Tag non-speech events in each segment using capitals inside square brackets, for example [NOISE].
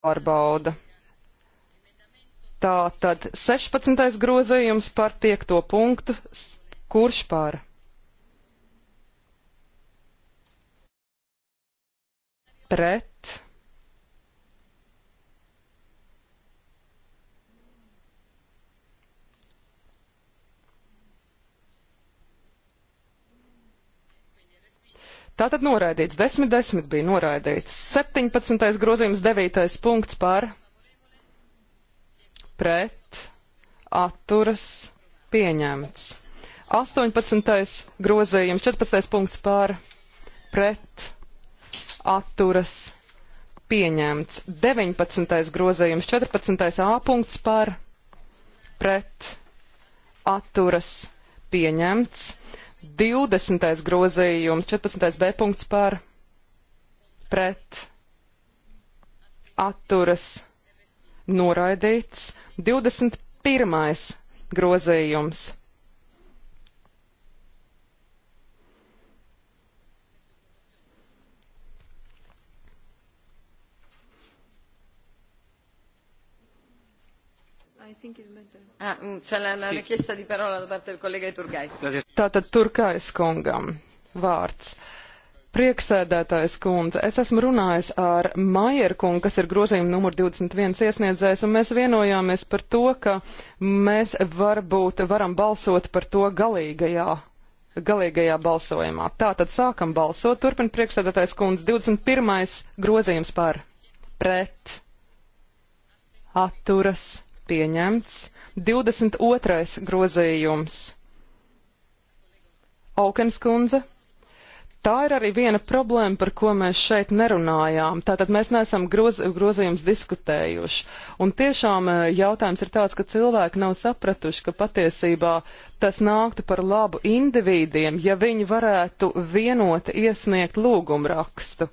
jāpārbauda. Tā tad 16. grozījums par 5. punktu. Kurš pār? Pret. Tātad noraidīts. 10, 10 bija noraidīts. 17. grozījums, 9. punkts par pret atturas pieņemts. 18. grozījums, 14. punkts par pret atturas pieņemts. 19. grozījums, 14. A punkts par pret atturas pieņemts pieņemts. 20. grozījums, 14. B punkts par pret atturas noraidīts, 21. grozījums. I think it meant Ah, mm, Tātad Turkais kungam vārds. Prieksēdētājs kundze, es esmu runājis ar Maieru kungu, kas ir grozījuma numur 21 iesniedzējs, un mēs vienojāmies par to, ka mēs varbūt varam balsot par to galīgajā, galīgajā balsojumā. Tātad sākam balsot, turpin priekšsēdētājs kundze, 21. grozījums par pret, atturas, pieņemts. 22. grozījums. Aukenskundze. Tā ir arī viena problēma, par ko mēs šeit nerunājām. Tātad mēs neesam groz, grozījums diskutējuši. Un tiešām eh, jautājums ir tāds, ka cilvēki nav sapratuši, ka patiesībā tas nāktu par labu individiem, ja viņi varētu vienoti iesniegt lūgumrakstu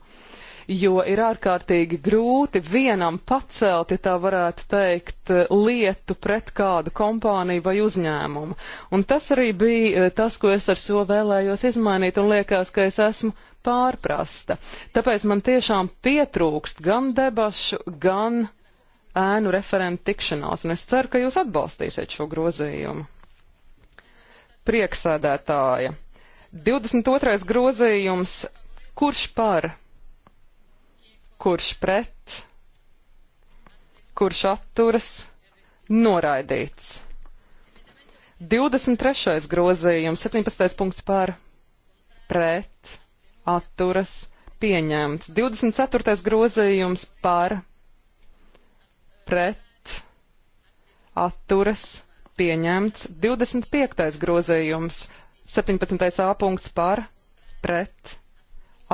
jo ir ārkārtīgi grūti vienam pacelt, ja tā varētu teikt, lietu pret kādu kompāniju vai uzņēmumu. Un tas arī bija eh, tas, ko es ar šo vēlējos izmainīt, un liekas, ka es esmu pārprasta. Tāpēc man tiešām pietrūkst gan debašu, gan ēnu referentu tikšanās, un es ceru, ka jūs atbalstīsiet šo grozījumu. Prieksēdētāja. 22. grozījums. Kurš par? kurš pret, kurš atturas, noraidīts. 23. grozījums, 17. punkts pār, pret, atturas, pieņemts. 24. grozījums pār, pret, atturas, pieņemts. 25. grozījums, 17. A punkts pār, pret,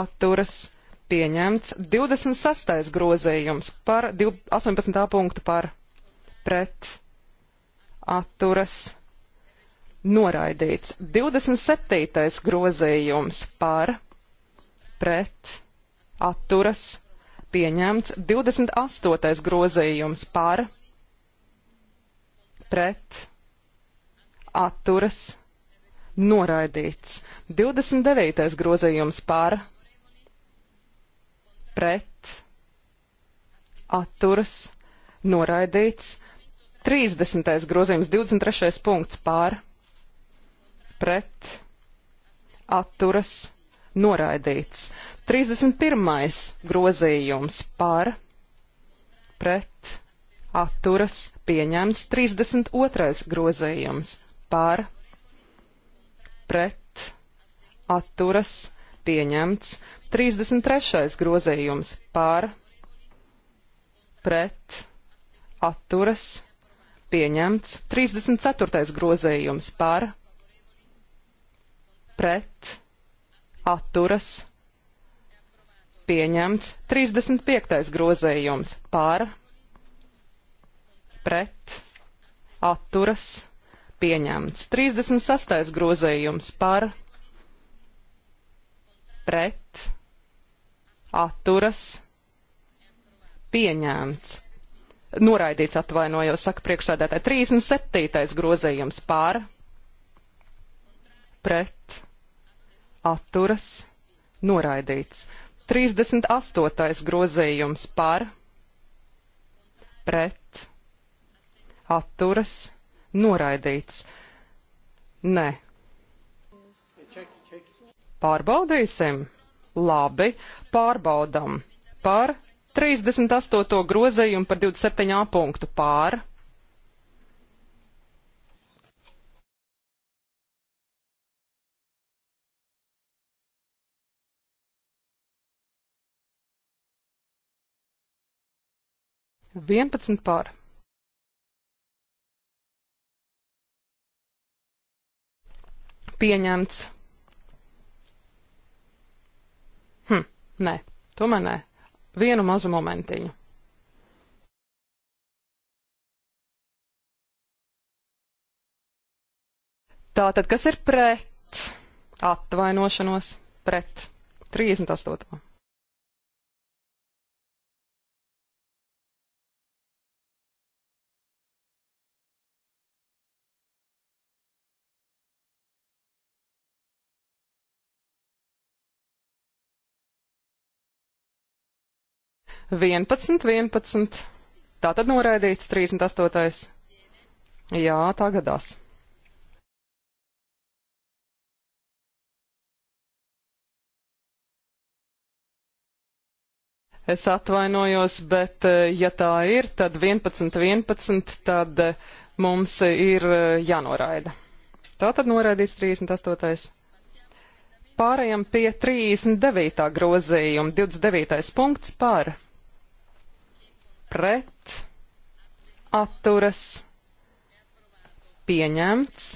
atturas, pieņemts pieņemts. 26. grozījums par 18. punktu par pret atturas noraidīts. 27. grozījums par pret atturas pieņemts. 28. grozījums par pret atturas noraidīts. 29. grozījums par pret pret, atturas, noraidīts. 30. grozījums, 23. punkts pār, pret, atturas, noraidīts. 31. grozījums pār, pret, atturas, pieņemts. 32. grozījums pār, pret, atturas, pieņemts. 33. grozījums par, pret, atturas, pieņemts. 34. grozījums par, pret, atturas, pieņemts. 35. grozījums par, pret, atturas, pieņemts. 36. grozījums par, pret, atturas, pieņemts pret, atturas, pieņēmts. Noraidīts atvainojos, saka priekšsēdētāji, 37. grozījums pār, pret, atturas, noraidīts. 38. grozījums par, pret, atturas, noraidīts. Nē, Pārbaudīsim. Labi, pārbaudam. Par 38. grozējumu par 27. punktu pār. Vienpadsmit pār. Pieņemts. Nē, tomēr nē. Vienu mazu momentiņu. Tātad, kas ir pret? Atvainošanos pret 38. 11, 11. Tā tad noraidīts 38. Jā, tā gadās. Es atvainojos, bet eh, ja tā ir, tad 11, 11, tad eh, mums ir eh, jānoraida. Tā tad noraidīts 38. Pārējām pie 39. grozījuma, 29. punkts par pret, atturas, pieņemts.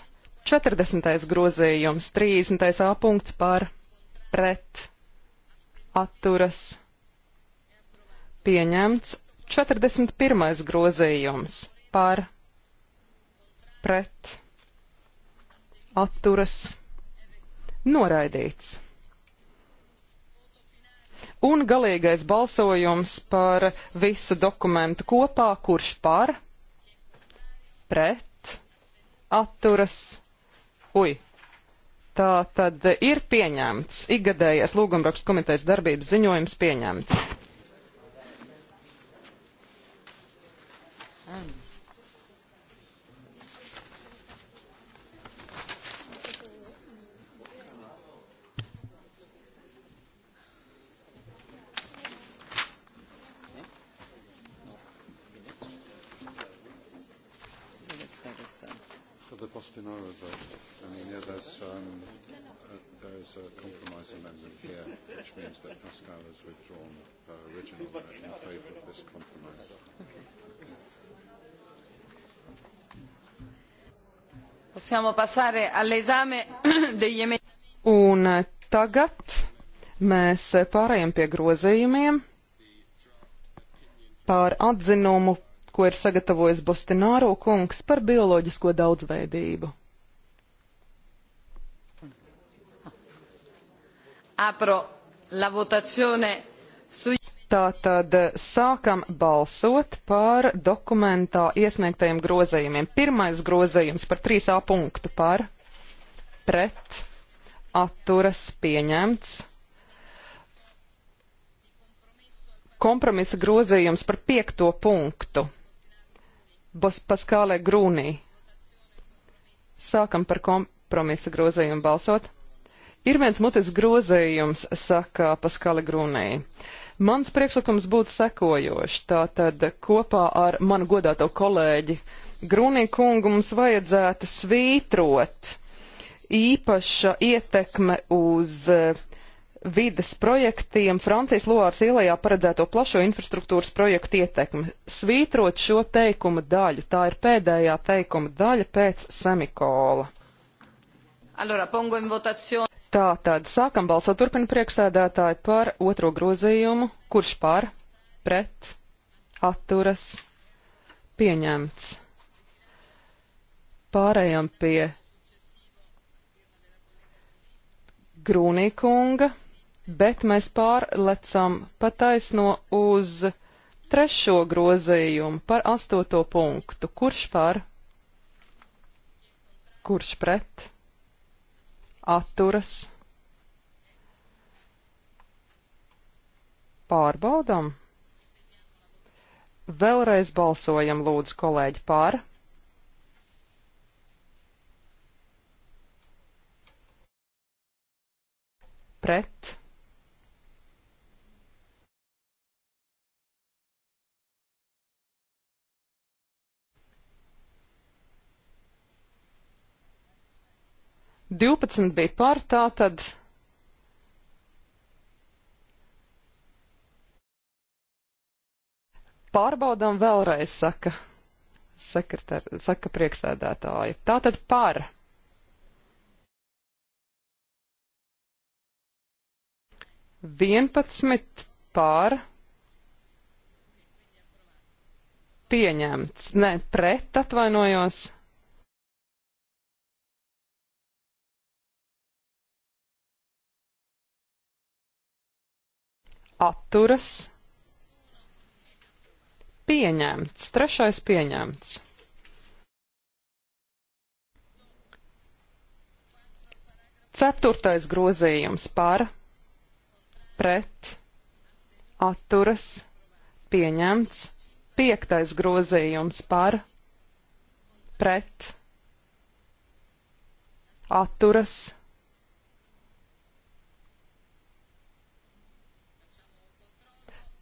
40. grozījums, 30. A punkts par, pret, atturas, pieņemts. 41. grozījums par, pret, atturas, noraidīts. Un galīgais balsojums par visu dokumentu kopā, kurš par, pret, atturas, ui. Tā tad ir pieņemts. Igadējais lūgumrakstu komitejas darbības ziņojums pieņemts. you know that, I mean, yeah, there's, um, uh, there's a compromise amendment here, which means that Pascal has withdrawn her original in favour of this compromise. Possiamo passare all'esame degli emendamenti. Un eh, tagad mēs pārējām pie grozījumiem par atzinumu ko ir sagatavojis Bostināro kungs par bioloģisko daudzveidību. Apro la votazione su Tātad eh, sākam balsot par dokumentā iesniegtajiem grozējumiem. Pirmais grozējums par 3A punktu par pret atturas pieņemts. Kompromisa grozējums par piekto punktu Paskālē Grūnī. Sākam par kompromisa grozījumu balsot. Ir viens mutes grozījums, saka Paskālē Grūnī. Mans priekšlikums būtu sekojošs. Tātad kopā ar manu godāto kolēģi Grūnī kungu mums vajadzētu svītrot īpaša ietekme uz uh, vidas projektiem Francijas Loāras ielajā paredzēto plašo infrastruktūras projektu ietekme. Svītrot šo teikuma daļu, tā ir pēdējā teikuma daļa pēc semikola. Allora, pongo in votazione. Tā tad sākam balsot turpina priekšsēdētāji par otro grozījumu, kurš par, pret, atturas, pieņemts. Pārējām pie Grūnīkunga bet mēs pārlecam pataisno uz trešo grozījumu par astoto punktu. Kurš par? Kurš pret? Atturas? Pārbaudam. Vēlreiz balsojam, lūdzu, kolēģi, pār. Pret. 12 bija par, tā tad. Pārbaudām vēlreiz, saka, sekretar, saka priekšsēdētāja. Tā tad par. Vienpadsmit pār pieņemts, ne, pret atvainojos. atturas, pieņemts, trešais pieņemts. Ceturtais grozījums par, pret, atturas, pieņemts, piektais grozījums par, pret, atturas, pieņemts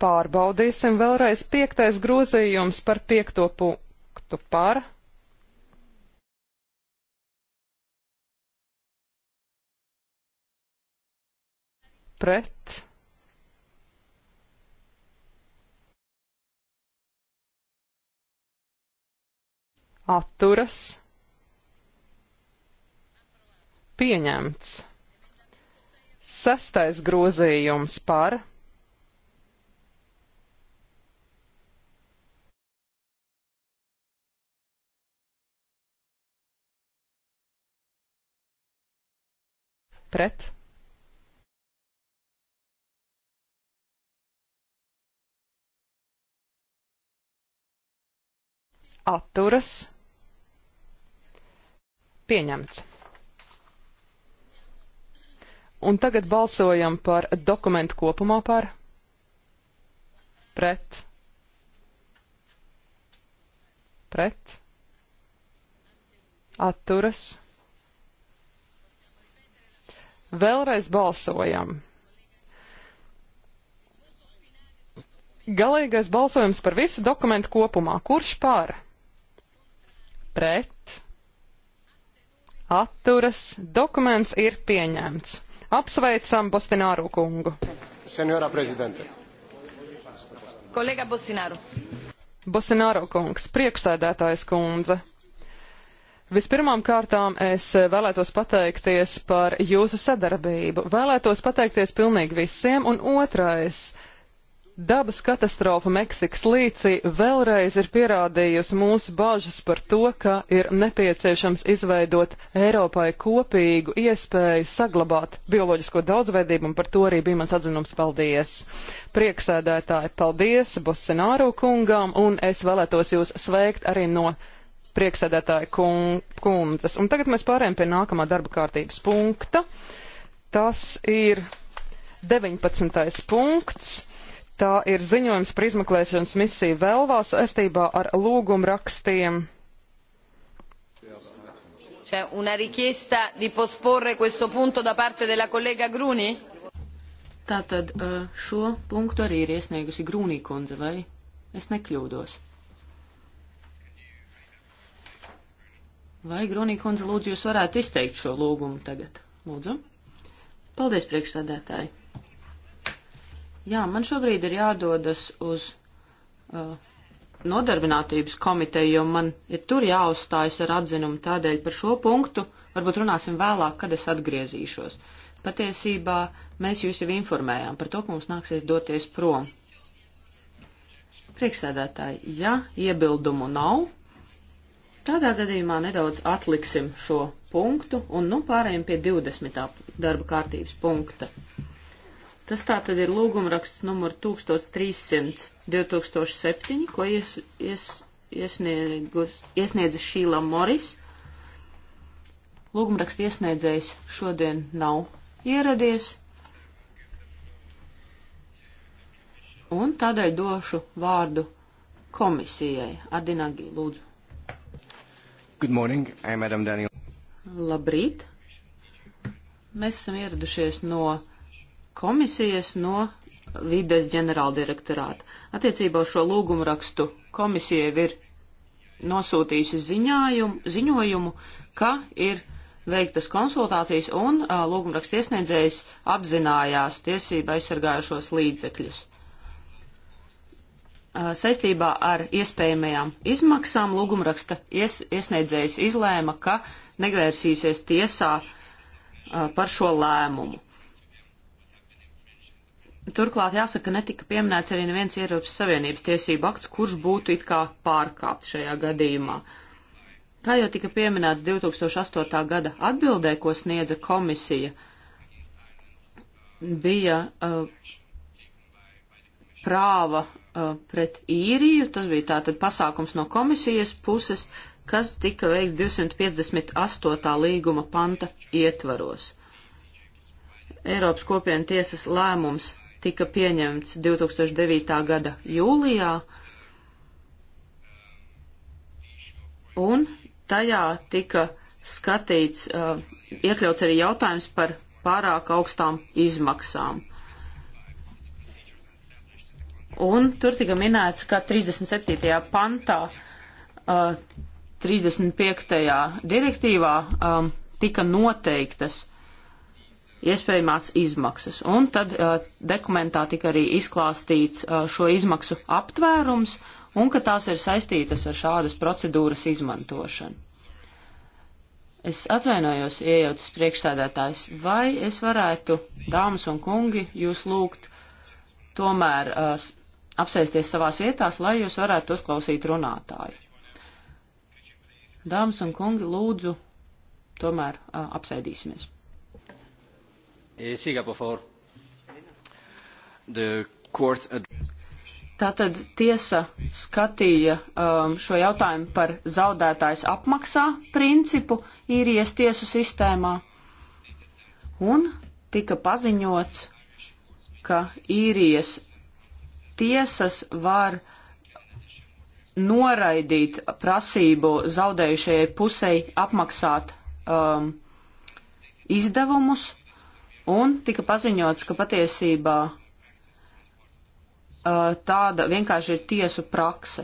pārbaudīsim vēlreiz piektais grozījums par piekto punktu par. Pret. Atturas. Pieņemts. Sastais grozījums par pret. Atturas. Pieņemts. Un tagad balsojam par dokumentu kopumā par pret pret atturas Vēlreiz balsojam. Galīgais balsojums par visu dokumentu kopumā. Kurš par? Pret. Atturas. Dokuments ir pieņemts. Apsveicam Bostināru kungu. Senjora prezidente. Kolēga Bostināru. Bostināru kungs, priekšsēdētājs kundze. Vispirmām kārtām es eh, vēlētos pateikties par jūsu sadarbību. Vēlētos pateikties pilnīgi visiem, un otrais - dabas katastrofa Meksikas līcī vēlreiz ir pierādījusi mūsu bažas par to, ka ir nepieciešams izveidot Eiropai kopīgu iespēju saglabāt bioloģisko daudzveidību, un par to arī bija mans atzinums paldies. Prieksēdētāji, paldies Bosināru kungām, un es vēlētos jūs sveikt arī no priekšsēdētāja kundzes. Un tagad mēs pārējām pie nākamā darba kārtības punkta. Tas ir 19. punkts. Tā ir ziņojums par izmeklēšanas misiju Velvā saistībā ar lūgumu rakstiem. C'è una richiesta di posporre questo punto da parte della collega Gruni? Tātad eh, šo punktu arī ir iesniegusi Grūnī kundze, vai? Es nekļūdos. Vai Grunī kundze lūdzu jūs varētu izteikt šo lūgumu tagad? Lūdzu. Paldies, priekšsēdētāji. Jā, man šobrīd ir jādodas uz uh, nodarbinātības komiteju, jo man ir tur jāuzstājas ar atzinumu tādēļ par šo punktu. Varbūt runāsim vēlāk, kad es atgriezīšos. Patiesībā mēs jūs jau informējām par to, ka mums nāksies doties prom. Priekšsēdētāji, ja iebildumu nav, Tādā gadījumā nedaudz atliksim šo punktu un nu pārējiem pie 20. darba kārtības punkta. Tas tā tad ir lūgumraksts numur 1300 2007, ko ies, ies, iesniegus, iesniedzis Šīla Moris. Lūgumraksts iesniedzējs šodien nav ieradies. Un tādēļ došu vārdu komisijai. Adinagī, lūdzu. Good morning, I'm Adam Daniel. Labrīt! Mēs esam ieradušies no komisijas, no vides ģenerāldirektorāta. Attiecībā uz šo lūgumu rakstu komisija ir nosūtījusi ziņājumu, ziņojumu, ka ir veiktas konsultācijas un lūgumraksta iesniedzējs apzinājās tiesība aizsargājušos līdzekļus. Uh, saistībā ar iespējamajām izmaksām lūgumraksta ies, iesniedzējs izlēma, ka nevērsīsies tiesā uh, par šo lēmumu. Turklāt jāsaka, netika pieminēts arī neviens Eiropas Savienības tiesību akts, kurš būtu it kā pārkāpt šajā gadījumā. Kā jau tika pieminēts 2008. gada atbildē, ko sniedza komisija, bija uh, prāva uh, pret īriju. Tas bija tātad pasākums no komisijas puses, kas tika veikts 258. līguma panta ietvaros. Eiropas kopienu tiesas lēmums tika pieņemts 2009. gada jūlijā, un tajā tika skatīts, uh, iekļauts arī jautājums par pārāk augstām izmaksām. Uh, Un tur tika minēts, ka 37. pantā, uh, 35. direktīvā um, tika noteiktas iespējamās izmaksas. Un tad uh, dokumentā tika arī izklāstīts uh, šo izmaksu aptvērums un ka tās ir saistītas ar šādas procedūras izmantošanu. Es atvainojos, iejaucas priekšsēdētājs, vai es varētu, dāmas un kungi, jūs lūgt tomēr uh, apsēsties savās vietās, lai jūs varētu uzklausīt runātāju. Dāmas un kungi, lūdzu, tomēr a, apsēdīsimies. Eh, Tātad tiesa skatīja um, šo jautājumu par zaudētājs apmaksā principu īrijas tiesu sistēmā un tika paziņots, ka īrijas tiesas var noraidīt prasību zaudējušajai pusei apmaksāt um, izdevumus, un tika paziņots, ka patiesībā uh, tāda vienkārši ir tiesu prakse.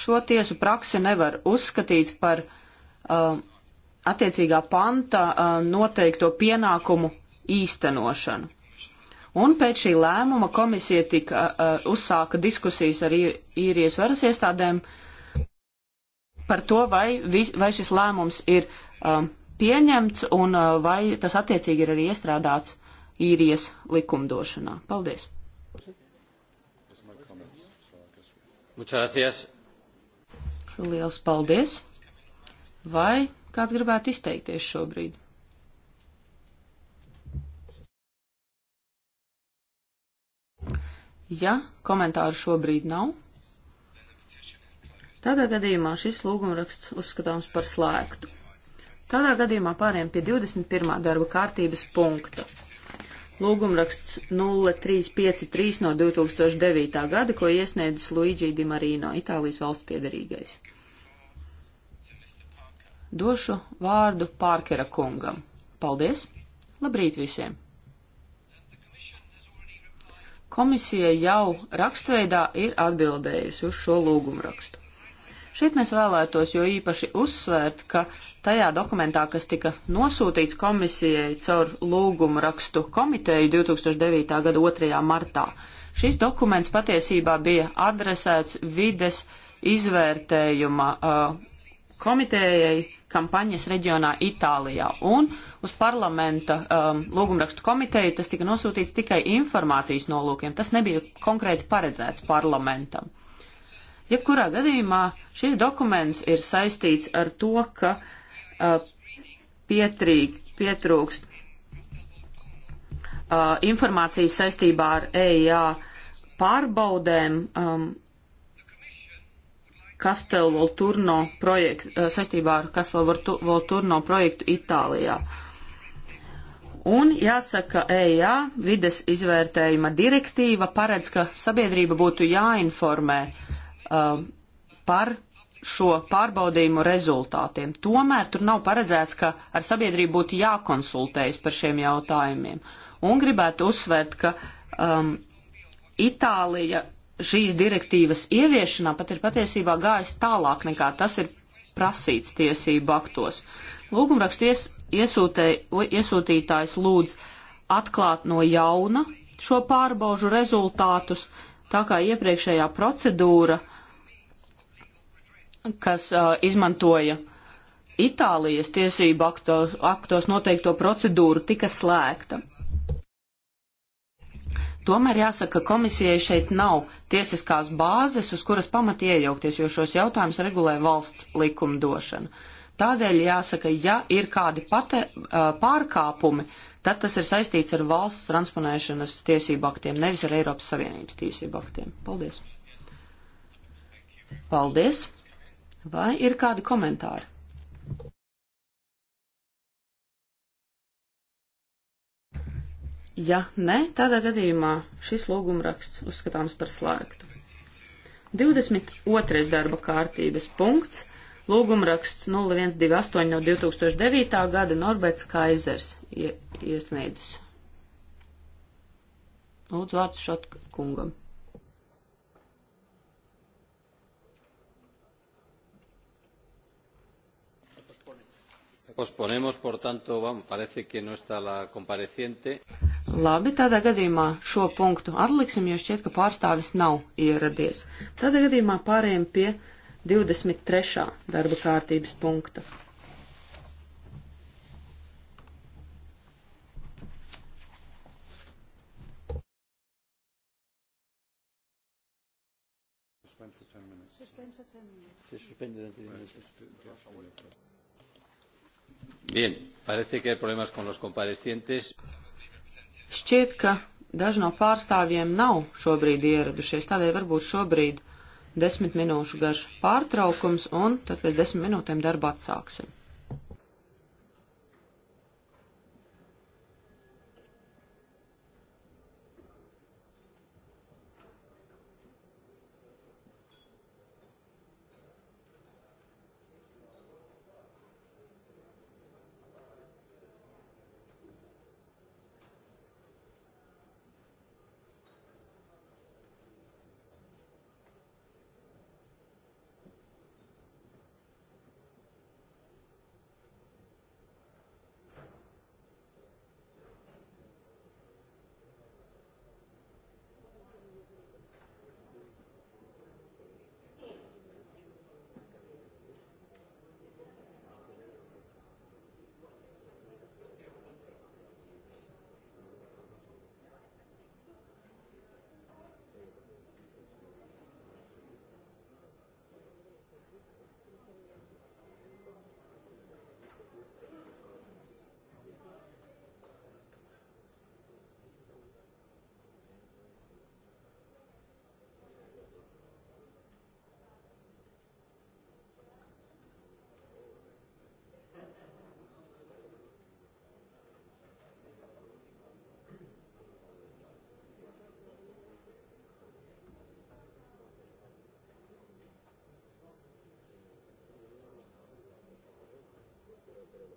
Šo tiesu praksi nevar uzskatīt par uh, attiecīgā panta uh, noteikto pienākumu īstenošanu. Un pēc šī lēmuma komisija tika uh, uzsāka diskusijas ar īrijas varas iestādēm par to, vai, vis, vai šis lēmums ir um, pieņemts un uh, vai tas attiecīgi ir arī iestrādāts īrijas likumdošanā. Paldies! Liels paldies! Vai kāds gribētu izteikties šobrīd? Ja komentāru šobrīd nav, tādā gadījumā šis lūgumraksts uzskatāms par slēgtu. Tādā gadījumā pāriem pie 21. darba kārtības punkta. Lūgumraksts 0353 no 2009. gada, ko iesniedzis Luigi Di Marino, Itālijas valsts piedarīgais. Došu vārdu Pārkera kungam. Paldies! Labrīt visiem! Komisija jau rakstveidā ir atbildējusi uz šo lūgumrakstu. Šeit mēs vēlētos jo īpaši uzsvērt, ka tajā dokumentā, kas tika nosūtīts komisijai caur lūgumu rakstu komiteju 2009. gada 2. martā, šis dokuments patiesībā bija adresēts vides izvērtējuma uh, komitējai kampaņas reģionā Itālijā. Un uz parlamenta um, lūgumrakstu komiteju tas tika nosūtīts tikai informācijas nolūkiem. Tas nebija konkrēti paredzēts parlamentam. Jebkurā gadījumā šis dokuments ir saistīts ar to, ka uh, pietrīk, pietrūkst uh, informācijas saistībā ar EIA pārbaudēm. Um, Castelvolturno projektu, eh, saistībā ar Castelvolturno projektu Itālijā. Un jāsaka, ejā, vides izvērtējuma direktīva paredz, ka sabiedrība būtu jāinformē uh, par šo pārbaudījumu rezultātiem. Tomēr tur nav paredzēts, ka ar sabiedrību būtu jākonsultējas par šiem jautājumiem. Un gribētu uzsvērt, ka um, Itālija šīs direktīvas ieviešanā pat ir patiesībā gājis tālāk nekā tas ir prasīts tiesību aktos. Lūgumrakstu ies, iesūtē, iesūtītājs lūdz atklāt no jauna šo pārbaužu rezultātus, tā kā iepriekšējā procedūra, kas uh, izmantoja Itālijas tiesību aktos, aktos noteikto procedūru, tika slēgta. Tomēr jāsaka, ka komisijai šeit nav tiesiskās bāzes, uz kuras pamat iejaukties, jo šos jautājumus regulē valsts likumdošana. Tādēļ jāsaka, ja ir kādi pate, pārkāpumi, tad tas ir saistīts ar valsts transponēšanas tiesību aktiem, nevis ar Eiropas Savienības tiesību aktiem. Paldies! Paldies! Vai ir kādi komentāri? Ja nē, tādā gadījumā šis lūgumraksts uzskatāms par slēgtu. 22. darba kārtības punkts - lūgumraksts 0128 no 2009. gada Norberts Kaisers iesniedzis. Lūdzu vārds šot kungam. Posponemos, por tanto, vamos, parece que no está la compareciente. Labi, tādā gadījumā šo punktu atliksim, jo šķiet, ka pārstāvis nav ieradies. Tādā gadījumā pārējiem pie 23. darba kārtības punkta. Suspend for 10 minutes. Suspend for 10 minutes. Bien, parece que hay problemas con los comparecientes. Šķiet, ka daži no pārstāvjiem nav šobrīd ieradušies, tādēļ varbūt šobrīd desmit minūšu garš pārtraukums, un tad pēc desmit minūtēm darbu atsāksim. pero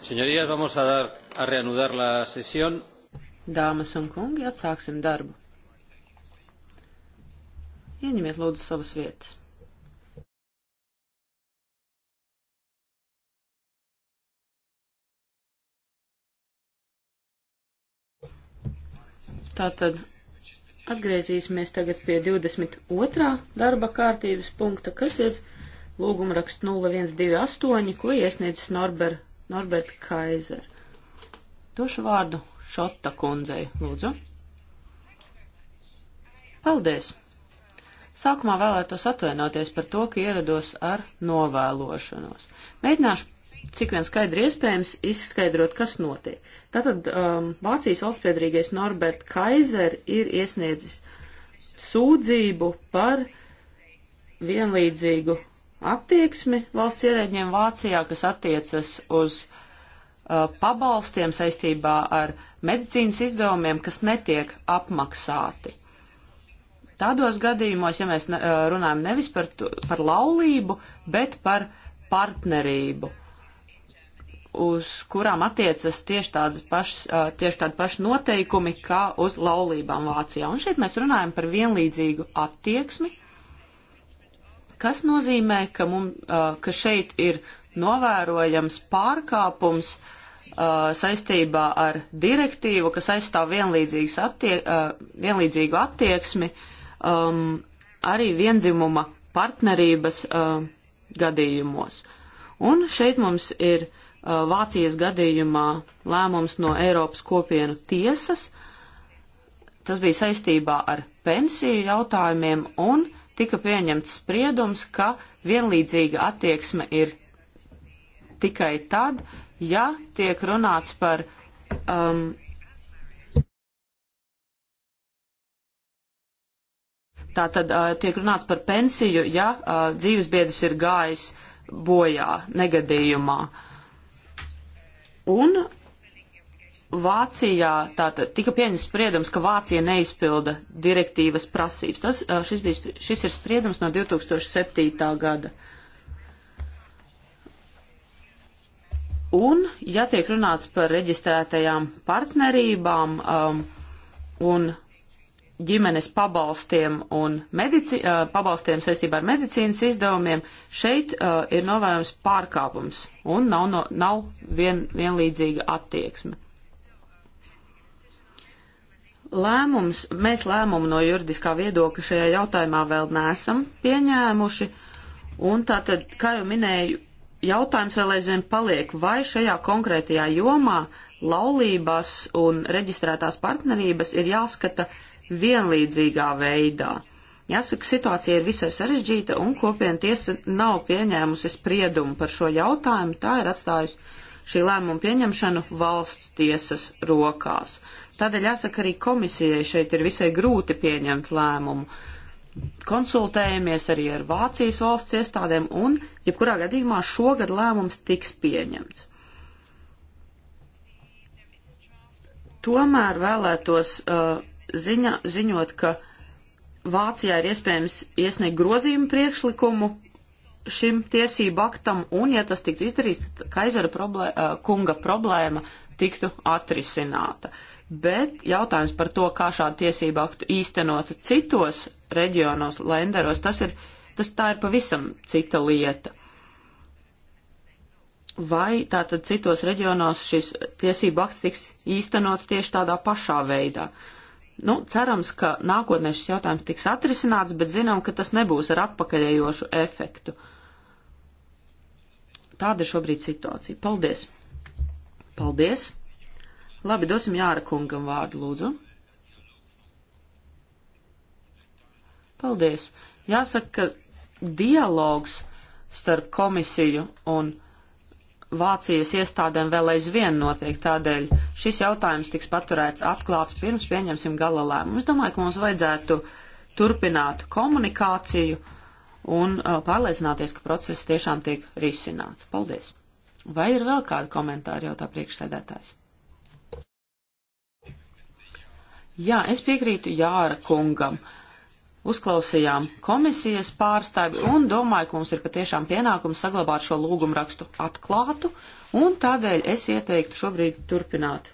Señorías, vamos a, dar, a reanudar la sesión. Dāmas un kungi, atsāksim darbu. Ieņemiet lūdzu savas vietas. Tātad atgriezīsimies tagad pie 22. darba kārtības punkta, kas ir lūgumraksts 0128, ko iesniedzis Norbert Norberta Kaiser. Došu vārdu Šota kundzei, lūdzu. Paldies! Sākumā vēlētos atvainoties par to, ka ierados ar novēlošanos. Mēģināšu cik vien skaidri iespējams izskaidrot, kas notiek. Tātad um, Vācijas valstspiedrīgais Norbert Kaiser ir iesniedzis sūdzību par vienlīdzīgu attieksmi valsts ierēģiem Vācijā, kas attiecas uz uh, pabalstiem saistībā ar medicīnas izdevumiem, kas netiek apmaksāti. Tādos gadījumos, ja mēs ne, uh, runājam nevis par, tu, par laulību, bet par partnerību, uz kurām attiecas tieši tādi paši, uh, tieši tādi paši noteikumi kā uz laulībām Vācijā. Un šeit mēs runājam par vienlīdzīgu attieksmi Tas nozīmē, ka, mum, uh, ka šeit ir novērojams pārkāpums uh, saistībā ar direktīvu, kas aizstāv attie, uh, vienlīdzīgu attieksmi um, arī vienzimuma partnerības uh, gadījumos. Un šeit mums ir uh, Vācijas gadījumā lēmums no Eiropas kopienu tiesas. Tas bija saistībā ar pensiju jautājumiem un uh, tika pieņemts spriedums, ka vienlīdzīga attieksme ir tikai tad, ja tiek runāts par. Um, Tā tad uh, tiek runāts par pensiju, ja uh, dzīvesbiedrs ir gājis bojā negadījumā. Un Vācijā tātad tika pieņems spriedums, ka Vācija neizpilda direktīvas prasības. Tas, šis, bija, šis ir spriedums no 2007. gada. Un, ja tiek runāts par reģistrētajām partnerībām um, un ģimenes pabalstiem un medici, uh, pabalstiem saistībā ar medicīnas izdevumiem, šeit uh, ir novērojams pārkāpums un nav, no, nav vien, vienlīdzīga attieksme. Lēmums, mēs lēmumu no juridiskā viedokļa šajā jautājumā vēl neesam pieņēmuši, un tātad, kā jau minēju, jautājums vēl aizvien paliek, vai šajā konkrētajā jomā laulības un reģistrētās partnerības ir jāskata vienlīdzīgā veidā. Jāsaka, situācija ir visai sarežģīta, un kopiena tiesa nav pieņēmusi spriedumu par šo jautājumu, tā ir atstājusi šī lēmuma pieņemšanu valsts tiesas rokās. Tādēļ jāsaka arī komisijai šeit ir visai grūti pieņemt lēmumu. Konsultējamies arī ar Vācijas valsts iestādēm un, jebkurā gadījumā, šogad lēmums tiks pieņemts. Tomēr vēlētos uh, ziņa, ziņot, ka Vācijā ir iespējams iesniegt grozījumu priekšlikumu šim tiesību aktam, un, ja tas tiktu izdarīts, tad Kaisera problē, uh, kunga problēma tiktu atrisināta. Uh, bet jautājums par to, kā šādu tiesību aktu īstenotu citos reģionos, lenderos, tas ir, tas tā ir pavisam cita lieta. Vai tātad citos reģionos šis tiesību akts tiks īstenots tieši tādā pašā veidā? Nu, cerams, ka nākotnē šis jautājums tiks atrisināts, bet zinām, ka tas nebūs ar atpakaļējošu efektu. Tāda ir šobrīd situācija. Paldies! Paldies! Labi, dosim Jāra kungam vārdu, lūdzu. Paldies. Jāsaka, ka dialogs starp komisiju un Vācijas iestādēm vēl aizvien notiek, tādēļ šis jautājums tiks paturēts atklāts pirms pieņemsim gala lēmumu. Es domāju, ka mums vajadzētu turpināt komunikāciju un uh, pārliecināties, ka process tiešām tiek risināts. Paldies! Vai ir vēl kādi komentāri, jautā priekšsēdētājs? Jā, es piekrītu Jāra kungam. Uzklausījām komisijas pārstāvi un domāju, ka mums ir patiešām pienākums saglabāt šo lūgumu rakstu atklātu, un tādēļ es ieteiktu šobrīd turpināt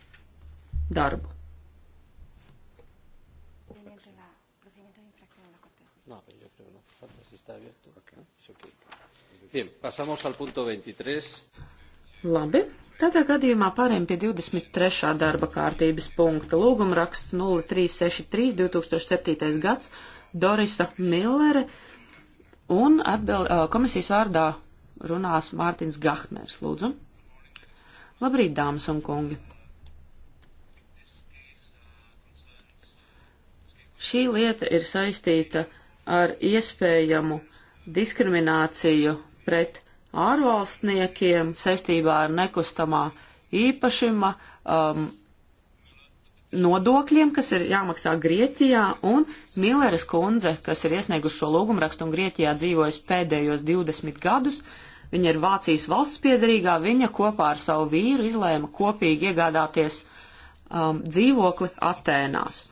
darbu. Bien, pasamos al punto 23. Labi, Tādā gadījumā pārējiem pie 23. darba kārtības punkta lūgumraksts 0363 2007. gads Dorisa Millere un atbild, komisijas vārdā runās Mārtiņš Gahners. Lūdzu. Labrīt, dāmas un kungi. Šī lieta ir saistīta ar iespējamu diskrimināciju pret ārvalstniekiem saistībā ar nekustamā īpašuma um, nodokļiem, kas ir jāmaksā Grieķijā, un Milleres kundze, kas ir iesnieguši šo lūgumrakstu un Grieķijā dzīvojas pēdējos 20 gadus, viņa ir Vācijas valsts piedarīgā, viņa kopā ar savu vīru izlēma kopīgi iegādāties um, dzīvokli Atēnās.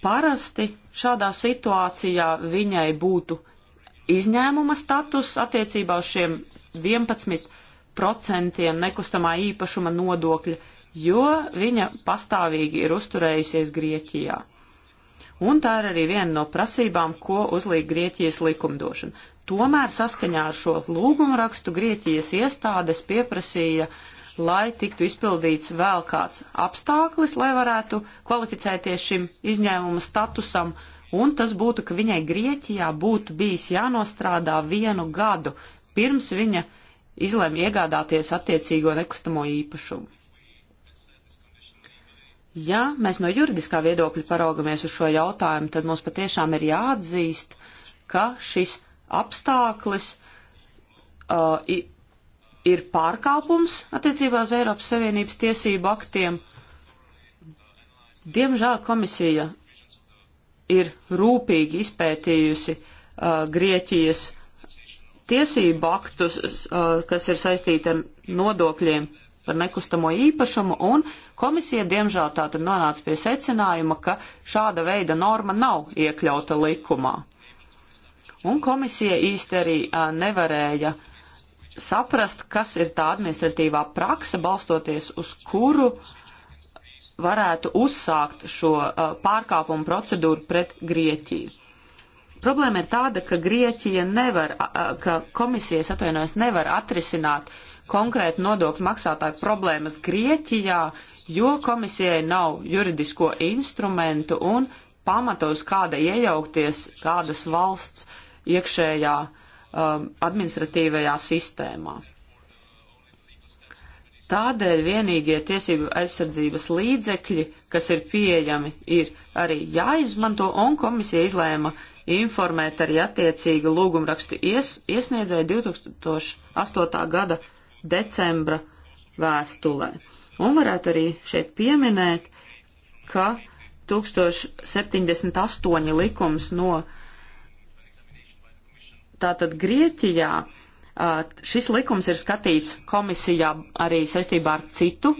Parasti šādā situācijā viņai būtu izņēmuma status attiecībā uz šiem 11% nekustamā īpašuma nodokļa, jo viņa pastāvīgi ir uzturējusies Grieķijā. Un tā ir arī viena no prasībām, ko uzliek Grieķijas likumdošana. Tomēr saskaņā ar šo lūgumu rakstu Grieķijas iestādes pieprasīja uh, lai tiktu izpildīts vēl kāds apstāklis, lai varētu kvalificēties šim izņēmuma statusam, un tas būtu, ka viņai Grieķijā būtu bijis jānostrādā vienu gadu pirms viņa izlēma iegādāties attiecīgo nekustamo īpašumu. Ja mēs no juridiskā viedokļa paraugamies uz šo jautājumu, tad mums patiešām ir jāatzīst, ka šis apstāklis uh, ir pārkāpums attiecībā uz Eiropas Savienības tiesību aktiem. Diemžēl komisija ir rūpīgi izpētījusi uh, Grieķijas tiesību aktus, uh, kas ir saistīti ar nodokļiem par nekustamo īpašumu, un komisija diemžēl tā tad nonāca pie secinājuma, ka šāda veida norma nav iekļauta likumā. Un komisija īsti arī uh, nevarēja saprast, kas ir tā administratīvā praksa, balstoties uz kuru uh, varētu uzsākt šo uh, pārkāpumu procedūru pret Grieķiju. Problēma ir tāda, ka Grieķija nevar, uh, uh ka komisijas atvainojas nevar atrisināt konkrēti nodokļu maksātāju problēmas Grieķijā, jo komisijai nav juridisko instrumentu un pamatos, kāda iejaukties kādas valsts iekšējā um, administratīvajā sistēmā. Tādēļ vienīgie tiesību aizsardzības līdzekļi, kas ir pieejami, ir arī jāizmanto, un komisija izlēma informēt arī attiecīga lūgumrakstu ies, iesniedzēja 2008. gada decembra vēstulē. Un varētu arī šeit pieminēt, ka 1078 likums no tātad Grieķijā Šis likums ir skatīts komisijā arī saistībā ar citu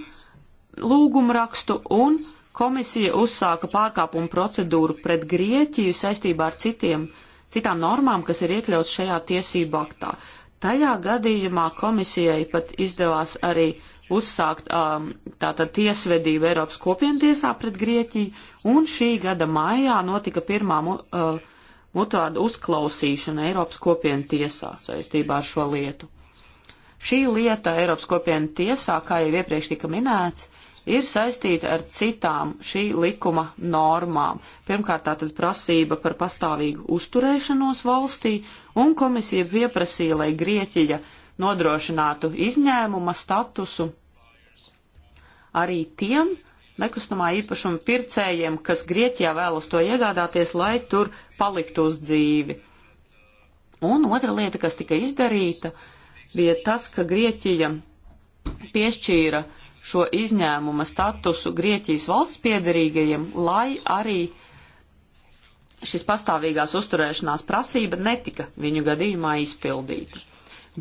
lūgumu rakstu un komisija uzsāka pārkāpumu procedūru pret Grieķiju saistībā ar citiem, citām normām, kas ir iekļauts šajā tiesību aktā. Tajā gadījumā komisijai pat izdevās arī uzsākt um, tātad tiesvedību Eiropas kopientiesā pret Grieķiju, un šī gada maijā notika pirmā uh, mutvārdu nu, uzklausīšana Eiropas kopienu tiesā saistībā ar šo lietu. Šī lieta Eiropas kopienu tiesā, kā jau iepriekš tika minēts, ir saistīta ar citām šī likuma normām. Pirmkārt, tātad prasība par pastāvīgu uzturēšanos valstī, un komisija pieprasīja, lai Grieķija nodrošinātu izņēmuma statusu arī tiem, nekustamā īpašuma pircējiem, kas Grieķijā vēlas to iegādāties, lai tur paliktu uz dzīvi. Un otra lieta, kas tika izdarīta, bija tas, ka Grieķija piešķīra šo izņēmuma statusu Grieķijas valsts piedarīgajiem, lai arī šis pastāvīgās uzturēšanās prasība netika viņu gadījumā izpildīta.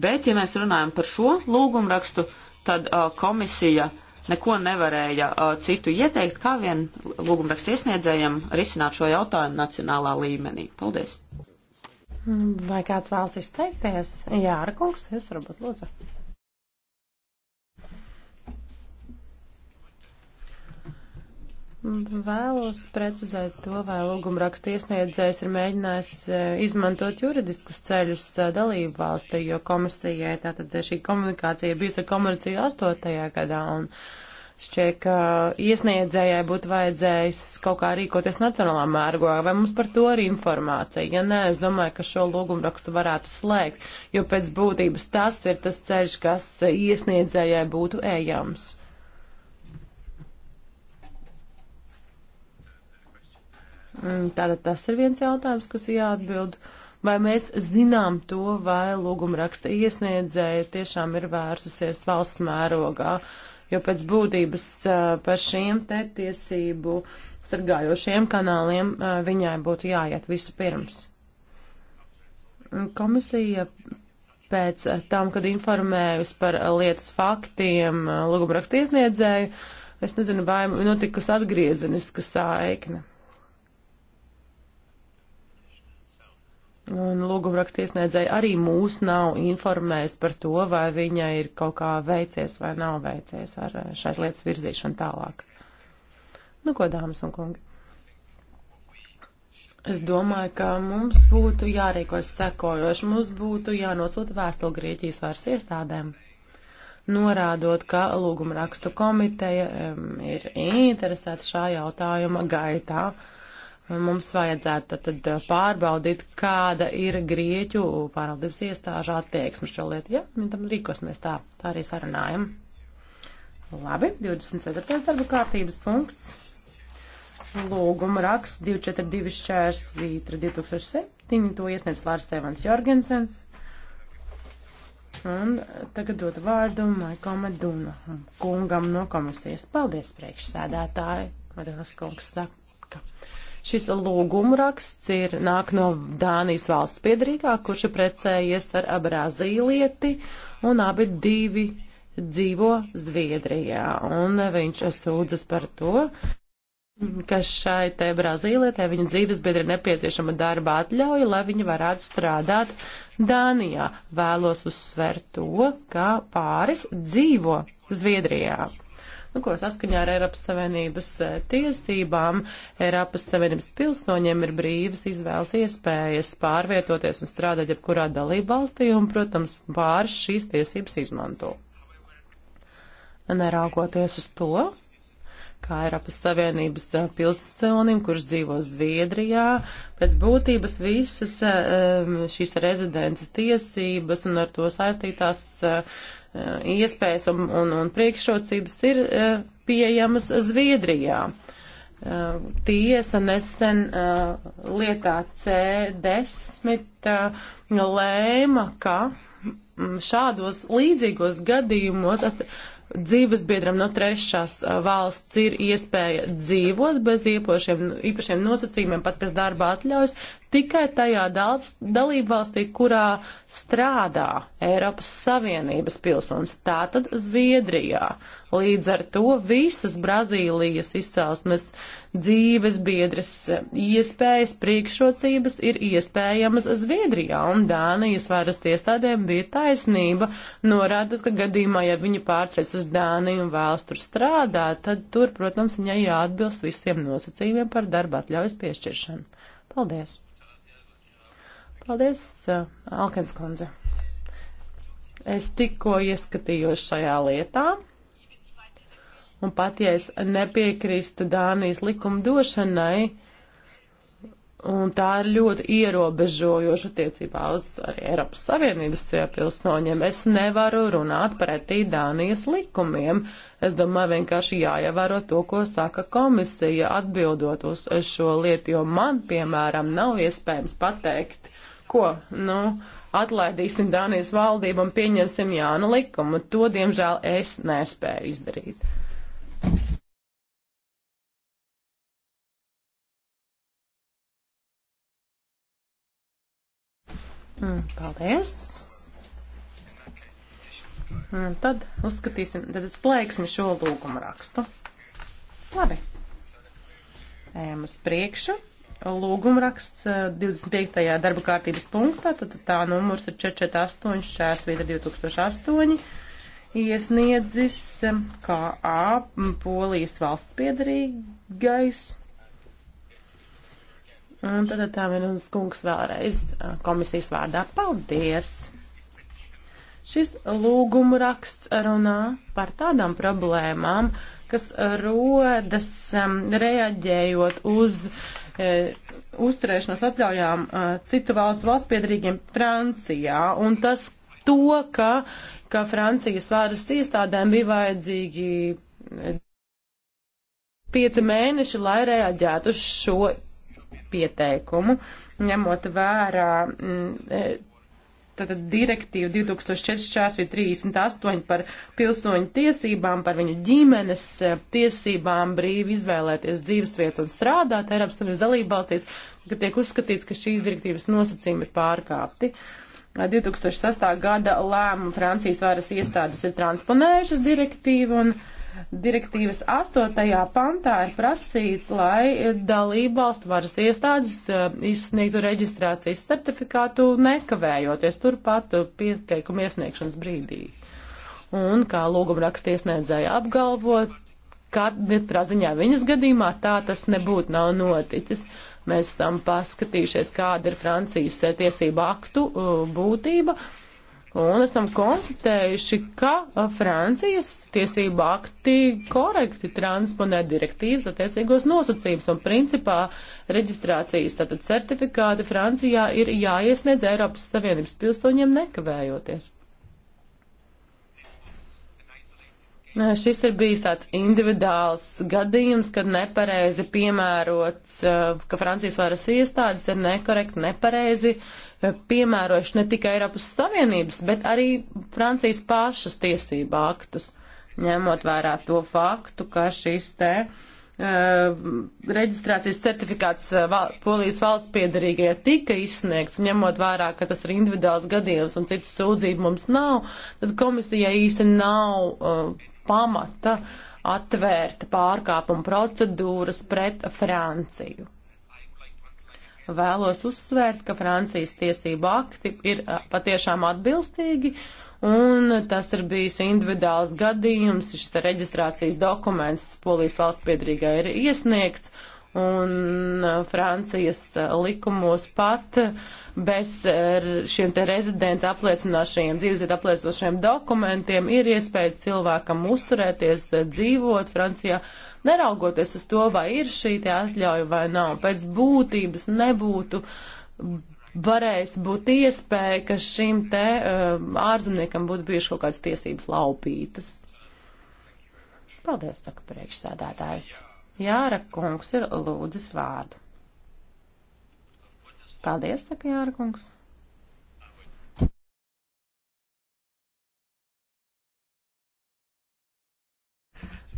Bet, ja mēs runājam par šo lūgumrakstu, tad uh, komisija uh, neko nevarēja uh, citu ieteikt, kā vien lūgumrakstu iesniedzējiem risināt šo jautājumu nacionālā līmenī. Paldies! Vai kāds vēlas izteikties? Jā, Arkungs, es varbūt lūdzu. Vēlos precizēt to, vai lūguma raksta iesniedzējs ir mēģinājis eh, izmantot juridiskus ceļus eh, dalību valstī, jo komisijai tātad šī komunikācija bijusi ar komuniciju 8. gadā, un šķiet, ka iesniedzējai būtu vajadzējis kaut kā rīkoties nacionālā mērogā, vai mums par to ir informācija. Ja nē, es domāju, ka šo lūguma rakstu varētu slēgt, jo pēc būtības tas ir tas ceļš, kas iesniedzējai būtu ejams. Mm, tātad tas ir viens jautājums, kas jāatbild. Vai mēs zinām to, vai lūguma raksta iesniedzēja tiešām ir vērsusies valsts mērogā, jo pēc būtības par šiem te tiesību sargājošiem kanāliem viņai būtu jāiet visu pirms. Komisija pēc tam, kad informējusi par lietas faktiem lūguma raksta iesniedzēju, es nezinu, vai notikusi atgriezeniskas saikne. Un lūgumraksta iesniedzēja arī mūs nav informējis par to, vai viņa ir kaut kā veicies vai nav veicies ar eh, šās lietas virzīšanu tālāk. Nu, ko, dāmas un kungi? Es domāju, ka mums būtu jārīkos sekojoši. Mums būtu jānosūta vēstuli Grieķijas varas iestādēm, norādot, ka lūgumrakstu komiteja um, ir interesēta šā jautājuma gaitā. Uh, mums vajadzētu tad, tad eh, pārbaudīt, kāda ir Grieķu pārvaldības iestāžu attieksme šo lietu. Ja, nu, tam rīkosimies tā, tā arī sarunājam. Labi, 24. darba kārtības punkts. Lūguma raksts 242 šķērs vītra 2007. To iesniedz Lārs Evans Jorgensens. Un tagad dot vārdu Maikam Meduna kungam no komisijas. Paldies, priekšsēdētāji. Medunas kungs saka. Šis lūgumraksts ir nāk no Dānijas valsts piedrīgā, kurš ir precējies ar Brazīlieti, un abi divi dzīvo Zviedrijā, un viņš sūdzas par to, ka šai te Brazīlietē viņa dzīves biedri nepieciešama darba atļauja, lai viņa varētu strādāt Dānijā. Vēlos uzsvērt to, ka pāris dzīvo Zviedrijā nu, ko saskaņā ar Eiropas Savienības e, tiesībām Eiropas Savienības pilsoņiem ir brīvas izvēles iespējas pārvietoties un strādāt jebkurā dalību valstī un, protams, pāris šīs tiesības izmanto. Neraugoties uz to, kā Eiropas Savienības e, pilsonim, kurš dzīvo Zviedrijā. Pēc būtības visas e, šīs rezidences tiesības un ar to saistītās Eh, iespējas un, un, un priekšrocības ir eh, pieejamas Zviedrijā. Eh, tiesa nesen lietā C10 lēma, ka mm, šādos līdzīgos gadījumos dzīves biedram no trešās valsts ir iespēja dzīvot bez iepošiem, īpašiem nosacījumiem, pat bez darba atļaujas, tikai tajā dalībvalstī, kurā strādā Eiropas Savienības pilsonis, tātad Zviedrijā. Līdz ar to visas Brazīlijas izcelsmes dzīves biedras iespējas, priekšrocības ir iespējamas Zviedrijā, un Dānijas varas iestādēm bija taisnība norādot, ka gadījumā, ja viņa pārceļas uz Dāniju un vēlas tur strādāt, tad tur, protams, viņai jāatbilst visiem nosacījumiem par darba atļaujas piešķiršanu. Paldies! Paldies, uh, Alkins kundze. Es tikko ieskatījos šajā lietā, un pat ja es nepiekrīstu Dānijas likumdošanai, un tā ir ļoti ierobežojoša attiecībā uz arī Eiropas Savienības pilsoņiem, es nevaru runāt pretī Dānijas likumiem. Es domāju, vienkārši jāievēro to, ko saka komisija atbildot uz šo lietu, jo man, piemēram, nav iespējams pateikt, ko, nu, atlaidīsim Dānijas valdību un pieņemsim jaunu likumu. To, diemžēl, es nespēju izdarīt. Mm, paldies! Un mm, tad uzskatīsim, tad slēgsim šo lūgumu rakstu. Labi. Ejam uz priekšu lūgumraksts 25. Eh, darba kārtības punktā, tad tā numurs ir 448, šķērsvīta 2008, iesniedzis eh, KA Polijas valsts piedarīgais. Un tad tā vienas kungs vēlreiz eh, komisijas vārdā. Paldies! Šis lūgumraksts runā par tādām problēmām, kas rodas um, reaģējot uz uh, E, uzturēšanos atļaujām e, citu valstu valstspiedrīgiem Francijā, un tas to, ka, ka Francijas vāras iestādēm bija vajadzīgi e, pieci mēneši, lai reaģētu uz šo pieteikumu, ņemot vērā tātad direktīva 2004-38 par pilsoņu tiesībām, par viņu ģimenes eh, tiesībām brīvi izvēlēties dzīvesvietu un strādāt Eiropas Savienības dalībvalstīs, ka tiek uzskatīts, ka šīs direktīvas nosacījumi ir pārkāpti. 2006. gada lēmumu Francijas varas iestādes ir transponējušas direktīvu un uh, Direktīvas 8. pantā ir prasīts, lai dalību valstu varas iestādes eh, izsniegtu reģistrācijas certifikātu nekavējoties turpat pieteikuma iesniegšanas brīdī. Un kā lūguma rakstiesniedzēja apgalvot, katrā ziņā viņas gadījumā tā tas nebūtu nav noticis. Mēs esam paskatījušies, kāda ir Francijas tiesība aktu eh, būtība. Uh, Un esam konstatējuši, ka Francijas tiesība akti korekti transponē direktīvas attiecīgos nosacījums un principā reģistrācijas tātad certifikāti Francijā ir jāiesniedz Eiropas Savienības pilsoņiem nekavējoties. Šis ir bijis tāds individuāls gadījums, kad nepareizi piemērots, eh, ka Francijas varas iestādes ir nekorekti, nepareizi eh, piemērojuši ne tikai Eiropas Savienības, bet arī Francijas pašas tiesību aktus, ņemot vērā to faktu, ka šis te uh, reģistrācijas certifikāts val, polijas valsts piedarīgajai tika izsniegts, ņemot vērā, ka tas ir individuāls gadījums un citas sūdzību mums nav, tad komisijai īsti nav uh, pamata atvērt pārkāpumu procedūras pret Franciju. Vēlos uzsvērt, ka Francijas tiesība akti ir eh, patiešām atbilstīgi, un tas ir bijis individuāls gadījums, šis reģistrācijas dokuments Polijas valsts piedrīgā ir iesniegts, un uh, Francijas uh, likumos pat bez er, šiem te rezidents apliecināšajiem, dzīvesiet apliecinošajiem dokumentiem ir iespēja cilvēkam uzturēties, uh, dzīvot Francijā, neraugoties uz to, vai ir šī te atļauja vai nav. Pēc būtības nebūtu varēs būt iespēja, ka šim te uh, ārzemniekam būtu bijuši kaut kādas tiesības laupītas. Paldies, saka priekšsēdētājs. Jāra kungs ir lūdzis vārdu. Paldies, saka Jāra kungs.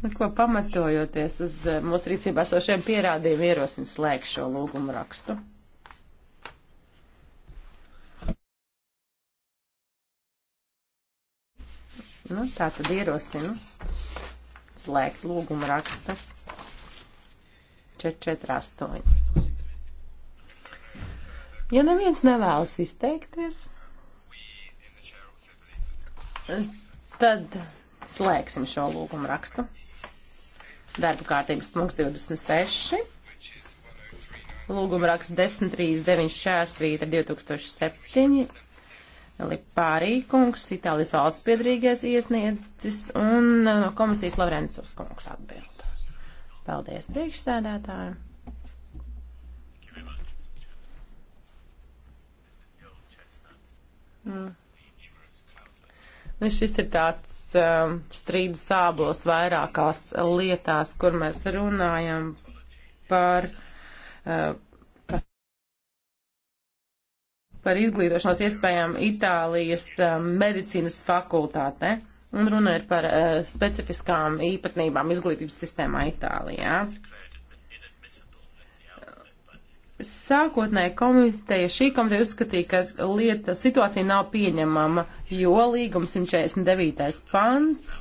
Nu, ko pamatojoties uz eh, mūsu rīcībā sošiem pierādījumiem, ierosinu slēgt šo lūgumu rakstu. Nu, tā tad ierosinu slēgt lūgumu rakstu. 448. Ja neviens nevēlas izteikties, tad slēgsim šo lūgumu rakstu. Darba kārtības punkts 26. Lūguma raksts 1039 šērsvīta 2007. Lipārī kungs, Itālijas valsts piedrīgais iesniedzis un uh, no komisijas Laurencos kungs atbildās. Paldies priekšsēdētāju. Mm. Nu, šis ir tāds um, strīdus sāblos vairākās lietās, kur mēs runājam par, uh, kas, par izglītošanās iespējām Itālijas um, medicīnas fakultātē. Un runa ir par uh, specifiskām īpatnībām izglītības sistēmā Itālijā. Sākotnēji komiteja, šī komiteja uzskatīja, ka lieta situācija nav pieņemama, jo līguma 149. pants,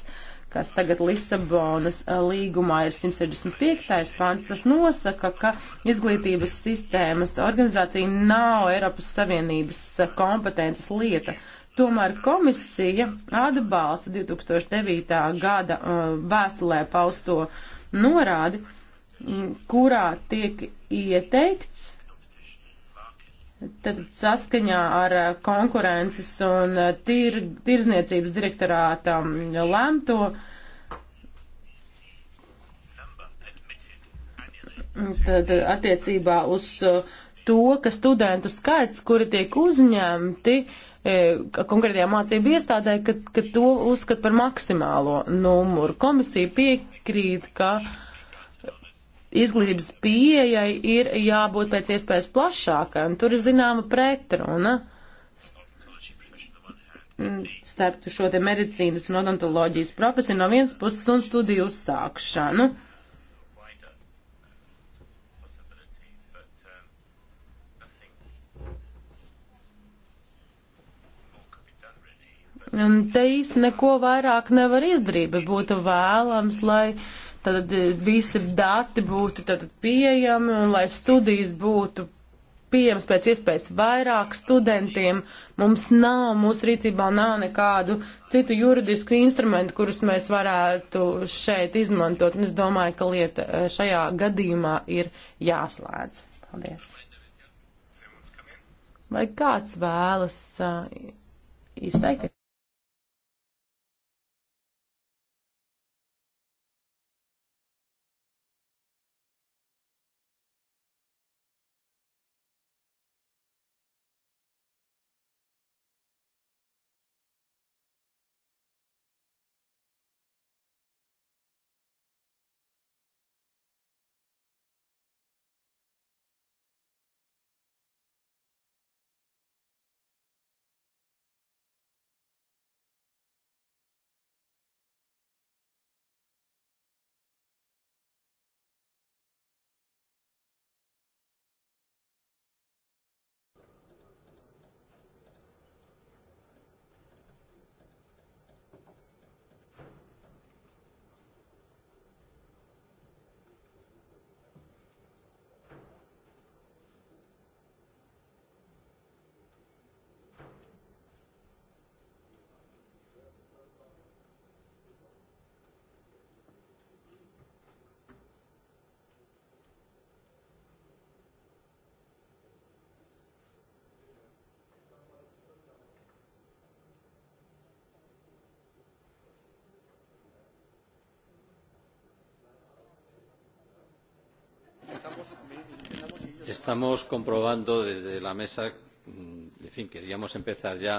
kas tagad Lisabonas eh, līgumā ir 165. pants, tas nosaka, ka izglītības sistēmas organizācija nav Eiropas Savienības eh, kompetences lieta. Uh, Tomēr komisija atbalsta 2009. gada uh, vēstulē pausto norādi, mm, kurā tiek ieteikts tad saskaņā ar uh, konkurences un uh, tir, tirzniecības direktorāta lēmto. Tad attiecībā uz to, ka studentu skaits, kuri tiek uzņemti, uh, E, konkrētajā mācību iestādē, ka, ka to uzskat par maksimālo numuru. Komisija piekrīt, ka izglītības pieejai ir jābūt pēc iespējas plašākai, un tur ir zināma pretruna starp šo te medicīnas un odontoloģijas profesiju no vienas puses un studiju uzsākšanu. Nu, te īsti neko vairāk nevar izdarīt, bet būtu vēlams, lai tad eh, visi dati būtu tad pieejami, lai studijas būtu pieejams pēc iespējas vairāk studentiem. Mums nav, mūsu rīcībā nav nekādu citu juridisku instrumentu, kurus mēs varētu šeit izmantot. Un es domāju, ka lieta eh, šajā gadījumā ir jāslēdz. Paldies. Vai kāds vēlas uh, eh, izteikti? estamos comprobando desde la mesa, mm, en fin, queríamos empezar ya.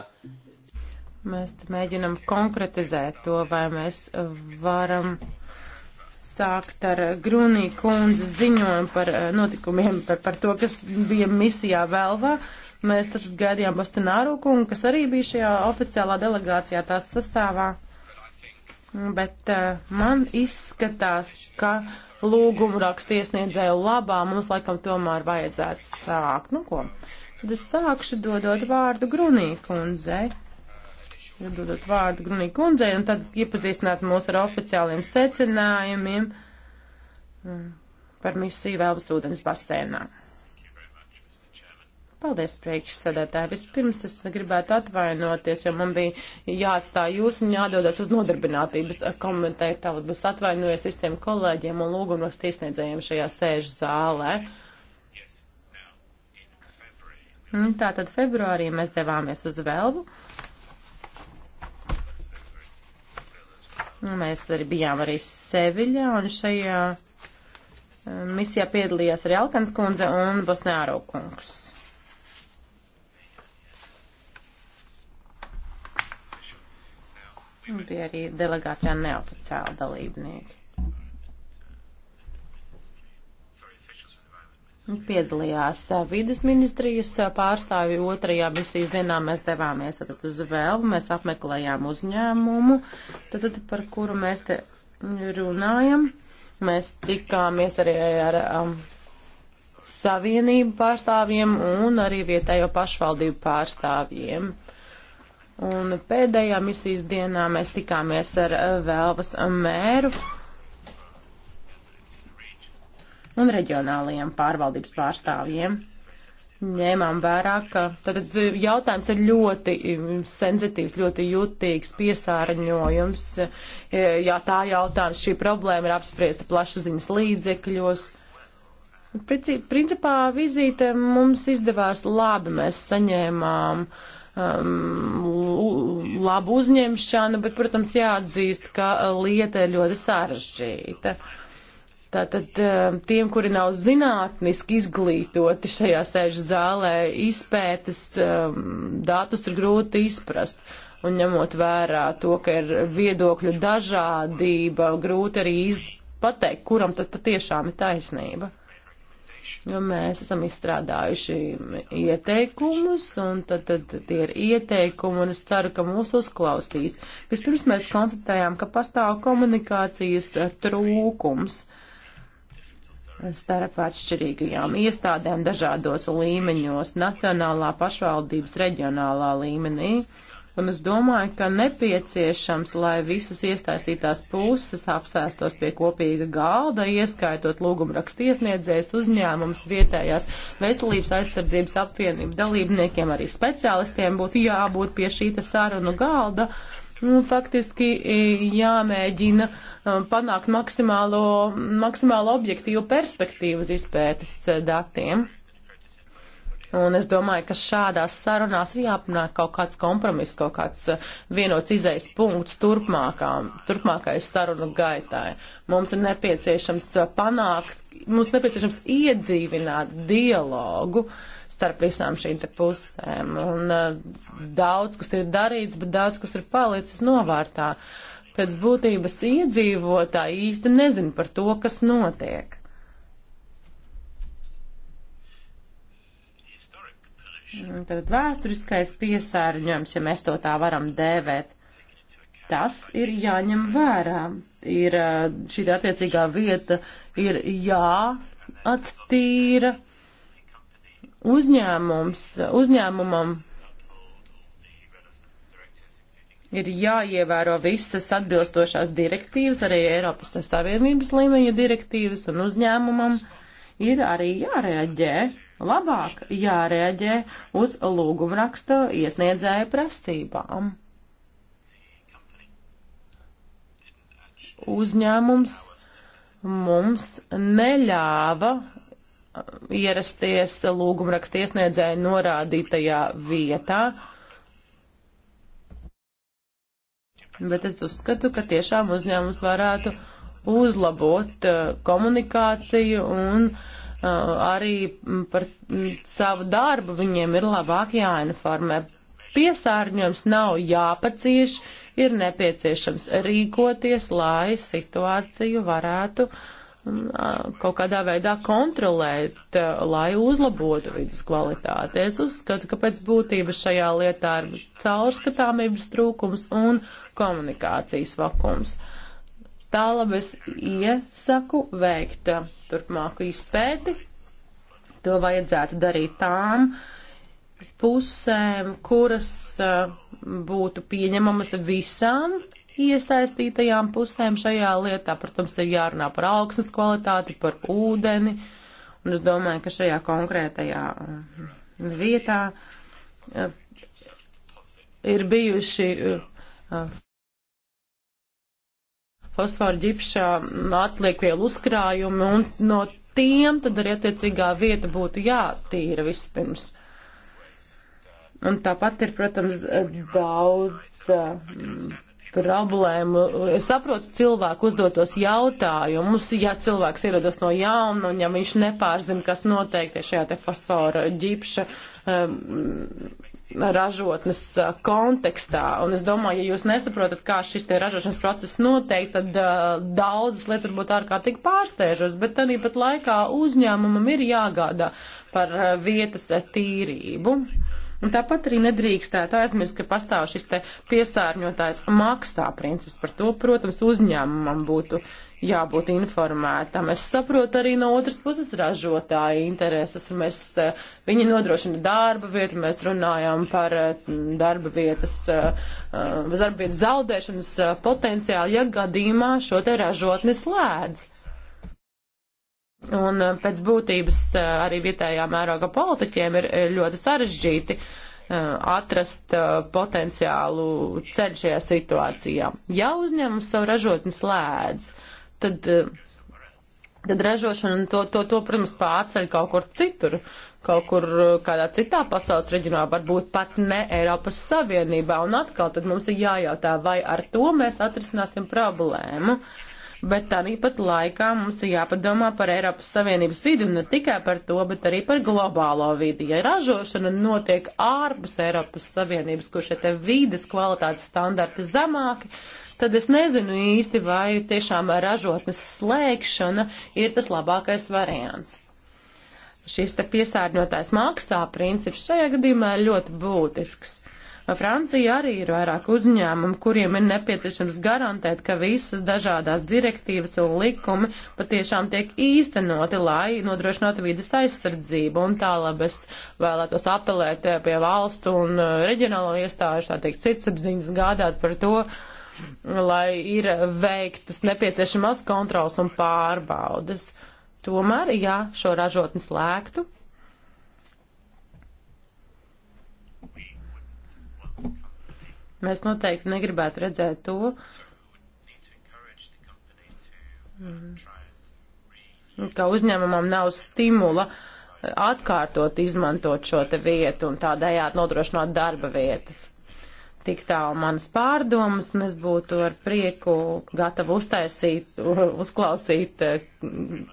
Mēs mēģinam konkretizēt to, vai mēs varam sākt ar Grunī kundzes ziņojumu par eh, notikumiem, par, par to, kas bija misijā Velvā. Mēs tad gaidījām Bostonāru kungu, kas arī bija šajā oficiālā delegācijā tās sastāvā. Bet uh, man izskatās, ka lūgumu rakstu iesniedzēju labā mums laikam tomēr vajadzētu sākt. Nu ko, tad es sākšu dodot vārdu Grunī kundzei. Dodot vārdu Grunī kundzei un tad iepazīstināt mūs ar oficiāliem secinājumiem mm, par misiju Velvas ūdens basēnā. Paldies, priekšsēdētāji. Vispirms es gribētu atvainoties, jo man bija jāatstāj jūs un jādodas uz nodarbinātības komiteju. Tālāk es atvainojos visiem kolēģiem un lūgumos tiesniedzējiem šajā sēžu zālē. Nu, Tātad februārī mēs devāmies uz Velvu. Nu, mēs arī bijām arī Seviļā un šajā eh, misijā piedalījās arī Alkans kundze un Bosnēro kungs. bija arī delegācijā neoficiāli dalībnieki. Piedalījās vidas ministrijas pārstāvi otrajā misijas dienā. Mēs devāmies tad uz Velvu, mēs apmeklējām uzņēmumu, tad, tad par kuru mēs te runājam. Mēs tikāmies arī ar um, savienību pārstāvjiem un arī vietējo pašvaldību pārstāvjiem. Uh, Un pēdējā misijas dienā mēs tikāmies ar eh, Velvas mēru un reģionālajiem pārvaldības pārstāvjiem. Ņēmām vērā, ka tad jautājums ir ļoti mm, sensitīvs, ļoti jutīgs, piesārņojums. Jā, tā jautājums, šī problēma ir apspriesta plašsaziņas līdzekļos. Principā vizīte mums izdevās labi, mēs saņēmām uh, um, labu uzņemšanu, bet, protams, jāatzīst, ka uh, lieta ir ļoti sarežģīta. Tātad um, tiem, kuri nav zinātniski izglītoti šajā sēžu zālē, izpētes um, datus ir grūti izprast. Un ņemot vērā to, ka ir viedokļu dažādība, grūti arī pateikt, kuram tad patiešām ir taisnība. Mēs esam izstrādājuši ieteikumus, un tad, tad tie ir ieteikumi, un es ceru, ka mūs uzklausīs. Vispirms mēs konstatējām, ka pastāv komunikācijas trūkums starp atšķirīgajām iestādēm dažādos līmeņos - nacionālā, pašvaldības, reģionālā līmenī. Uh, Un es domāju, ka nepieciešams, lai visas iesaistītās puses apsēstos pie kopīga galda, ieskaitot lūgumrakstu iesniedzējs, uzņēmums, vietējās veselības aizsardzības apvienību dalībniekiem, arī speciālistiem būtu jābūt pie šīta sarunu galda. Nu, faktiski jāmēģina um, panākt maksimālo, maksimālo objektīvu perspektīvas izpētes eh, datiem. Un es domāju, ka šādās sarunās ir jāpanāk kaut kāds kompromiss, kaut kāds eh, vienots izējas punkts turpmākām, turpmākais sarunu gaitai. Mums ir nepieciešams eh, panākt, mums nepieciešams iedzīvināt dialogu starp visām šīm te pusēm. Un uh, daudz, kas ir darīts, bet daudz, kas ir palicis novārtā. Pēc būtības iedzīvotāji īsti nezin par to, kas notiek. Tad vēsturiskais piesārņojums, ja mēs to tā varam dēvēt, tas ir jāņem vērā. Ir eh, šī attiecīgā vieta ir jāattīra uzņēmums, uzņēmumam ir jāievēro visas atbilstošās direktīvas, arī Eiropas Savienības līmeņa direktīvas, un uzņēmumam ir arī jāreaģē labāk jārēģē uz lūgumraksta iesniedzēja prasībām. Uzņēmums mums neļāva uh, ierasties lūgumraksta iesniedzēja norādītajā vietā, bet es uzskatu, ka tiešām uzņēmums varētu uzlabot uh, komunikāciju un uh, Eh, arī mm, par mm, savu darbu viņiem ir labāk jāinformē. Piesārņojums nav jāpacieš, ir nepieciešams rīkoties, lai situāciju varētu mm, eh, kaut kādā veidā kontrolēt, eh, lai uzlabotu vidas kvalitāti. Es uzskatu, ka pēc būtības šajā lietā ir caurskatāmības trūkums un komunikācijas vakums. Uh, Tālāk es iesaku veikt turpmāku izpēti. To vajadzētu darīt tām pusēm, kuras uh, būtu pieņemamas visām iesaistītajām pusēm šajā lietā. Protams, ir jārunā par augsnes kvalitāti, par ūdeni. Un es domāju, ka šajā konkrētajā um, vietā uh, ir bijuši uh, fosforu ģipša atliekvielu uzkrājumu, un no tiem tad arī attiecīgā vieta būtu jātīra vispirms. Un tāpat ir, protams, daudz mm, problēmu. Es saprotu cilvēku uzdotos jautājumus, ja cilvēks ierodas no jauna un ja viņš nepārzina, kas noteikti šajā te fosfora ģipša um, ražotnes uh, kontekstā. Un es domāju, ja jūs nesaprotat, kā šis te ražošanas process notiek, tad uh, daudzas lietas varbūt ārkārtīgi pārsteižas, bet arī pat laikā uzņēmumam ir jāgādā par uh, vietas uh, tīrību. Uh, Un tāpat arī nedrīkstētu aizmirst, ka pastāv šis te piesārņotājs maksā princips. Par to, protams, uzņēmumam būtu jābūt informētam. Es saprotu arī no otras puses ražotāja intereses. Mēs, eh, viņi nodrošina darba vietu, mēs runājam par eh, darba vietas, eh, darba vietas zaudēšanas potenciālu, ja gadījumā šo te ražotni slēdz. Un eh, pēc būtības eh, arī vietējā mēroga politiķiem ir eh, ļoti sarežģīti atrast potenciālu ceļu šajā situācijā. Ja uzņēmums savu ražotni slēdz, tad, tad ražošana to, to, to, protams, pārceļ kaut kur citur, kaut kur kādā citā pasaules reģionā, varbūt pat ne Eiropas Savienībā. Un atkal tad mums ir jājautā, vai ar to mēs atrisināsim problēmu. Uh, bet tāpat laikā mums ir jāpadomā par Eiropas Savienības vidi un ne tikai par to, bet arī par globālo vidi. Ja ražošana notiek ārpus Eiropas Savienības, kur šie te vides kvalitātes standarti zemāki, tad es nezinu īsti, vai tiešām ražotnes slēgšana ir tas labākais variants šis te piesārņotājs maksā princips šajā gadījumā ir ļoti būtisks. Francija arī ir vairāk uzņēmumu, kuriem ir nepieciešams garantēt, ka visas dažādās direktīvas un likumi patiešām tiek īstenoti, lai nodrošinātu vidas aizsardzību. Un tālāk es vēlētos apelēt eh, pie valstu un eh, reģionālo iestāžu, tā teikt, citsapziņas gādāt par to, lai ir veiktas nepieciešamās kontrols un pārbaudas. Tomēr, ja šo ražotni slēgtu, Mēs noteikti negribētu redzēt to, ka uzņēmumam nav stimula atkārtot izmantot šo te vietu un tādējādi nodrošināt darba vietas. Tik tālu manas pārdomas, un es būtu ar prieku gatava uztaisīt, [LAUGHS] uzklausīt eh,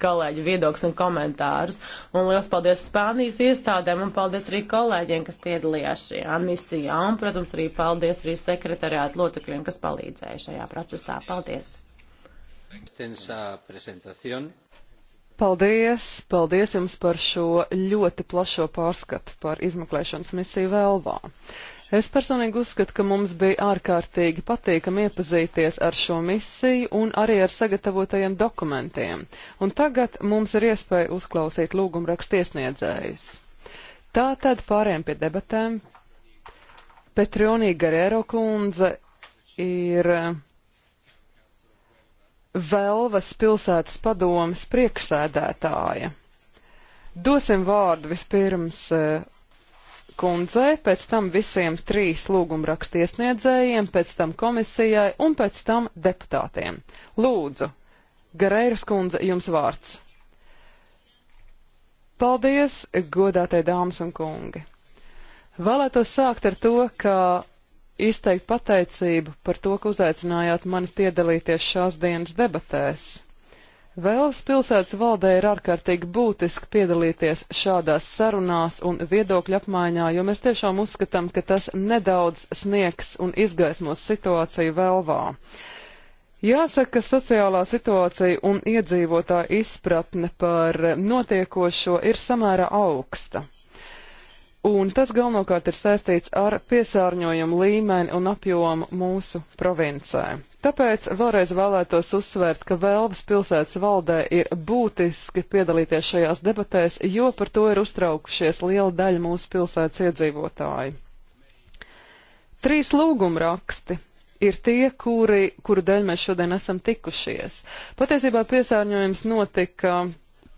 kolēģu viedokļus un komentārus. Un liels paldies Spānijas iestādēm, un paldies arī kolēģiem, kas piedalījās šajā misijā, un, protams, arī paldies arī sekretariātu locekļiem, kas palīdzēja šajā procesā. Paldies! Paldies! Paldies jums par šo ļoti plašo pārskatu par izmeklēšanas misiju Velvā. Es personīgi uzskatu, ka mums bija ārkārtīgi patīkami iepazīties ar šo misiju un arī ar sagatavotajiem dokumentiem. Un tagad mums ir iespēja uzklausīt lūgumrakstu iesniedzējus. Tā tad pāriem pie debatēm. Petronī Garēro kundze ir eh, Velvas pilsētas padomas priekšsēdētāja. Dosim vārdu vispirms eh, kundzei, pēc tam visiem trīs lūgumrakstu iesniedzējiem, pēc tam komisijai un pēc tam deputātiem. Lūdzu, Gareiras kundze, jums vārds. Paldies, godātie dāmas un kungi! Vēlētos sākt ar to, ka izteikt pateicību par to, ka uzaicinājāt mani piedalīties šās dienas debatēs. Vēlas pilsētas valdē ir ārkārtīgi būtiski piedalīties šādās sarunās un viedokļu apmaiņā, jo mēs tiešām uzskatām, ka tas nedaudz sniegs un izgaismos situāciju Velvā. Jāsaka, ka sociālā situācija un iedzīvotāja izpratne par notiekošo ir samērā augsta. Un tas galvenokārt ir saistīts ar piesārņojumu līmeni un apjomu mūsu provincē. Tāpēc vēlreiz vēlētos uzsvērt, ka Velvas pilsētas valdē ir būtiski piedalīties šajās debatēs, jo par to ir uztraukušies liela daļa mūsu pilsētas iedzīvotāji. Trīs lūguma raksti ir tie, kuri, kuru dēļ mēs šodien esam tikušies. Patiesībā piesārņojums notika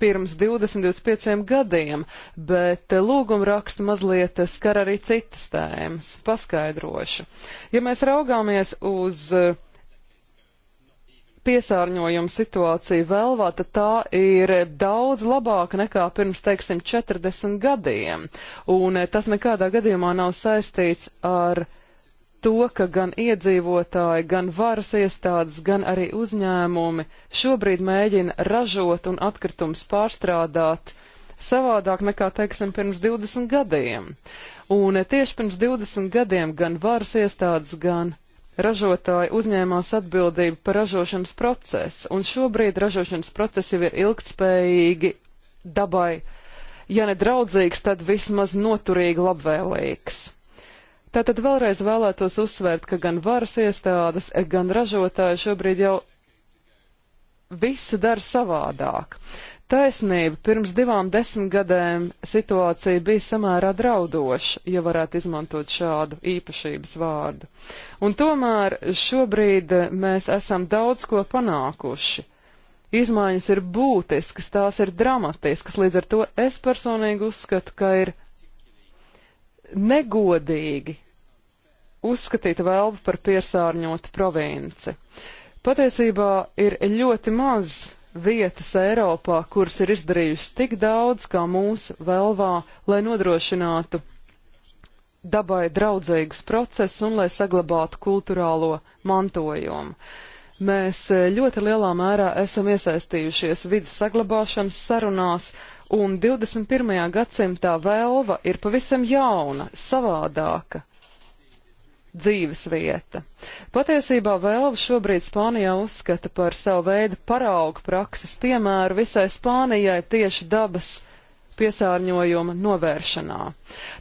pirms 20-25 gadiem, bet lūguma rakstu mazliet skar arī citas tēmas. Paskaidrošu. Ja mēs raugāmies uz uh, piesārņojuma situācija Velvā, tad tā ir daudz labāka nekā pirms, teiksim, 40 gadiem. Un eh, tas nekādā gadījumā nav saistīts ar to, ka gan iedzīvotāji, gan varas iestādes, gan arī uzņēmumi šobrīd mēģina ražot un atkritums pārstrādāt savādāk nekā, teiksim, pirms 20 gadiem. Un eh, tieši pirms 20 gadiem gan varas iestādes, gan ražotāji uzņēmās atbildību par ražošanas procesu, un šobrīd ražošanas process jau ir ilgtspējīgi dabai, ja nedraudzīgs, tad vismaz noturīgi labvēlīgs. Tātad vēlreiz vēlētos uzsvērt, ka gan varas iestādes, gan ražotāji šobrīd jau visu dara savādāk taisnība, pirms divām desmitgadēm situācija bija samērā draudoša, ja varētu izmantot šādu īpašības vārdu. Un tomēr šobrīd eh, mēs esam daudz ko panākuši. Izmaiņas ir būtiskas, tās ir dramatiskas, līdz ar to es personīgi uzskatu, ka ir negodīgi uzskatīt Velvu par piesārņotu provinci. Patiesībā ir ļoti maz vietas Eiropā, kuras ir izdarījusi tik daudz kā mūsu velvā, lai nodrošinātu dabai draudzīgus procesus un lai saglabātu kulturālo mantojumu. Mēs eh, ļoti lielā mērā esam iesaistījušies vidas saglabāšanas sarunās, un 21. gadsimtā velva ir pavisam jauna, savādāka, dzīves vieta. Patiesībā vēlu šobrīd Spānijā uzskata par savu veidu paraugu prakses piemēru visai Spānijai tieši dabas piesārņojuma novēršanā.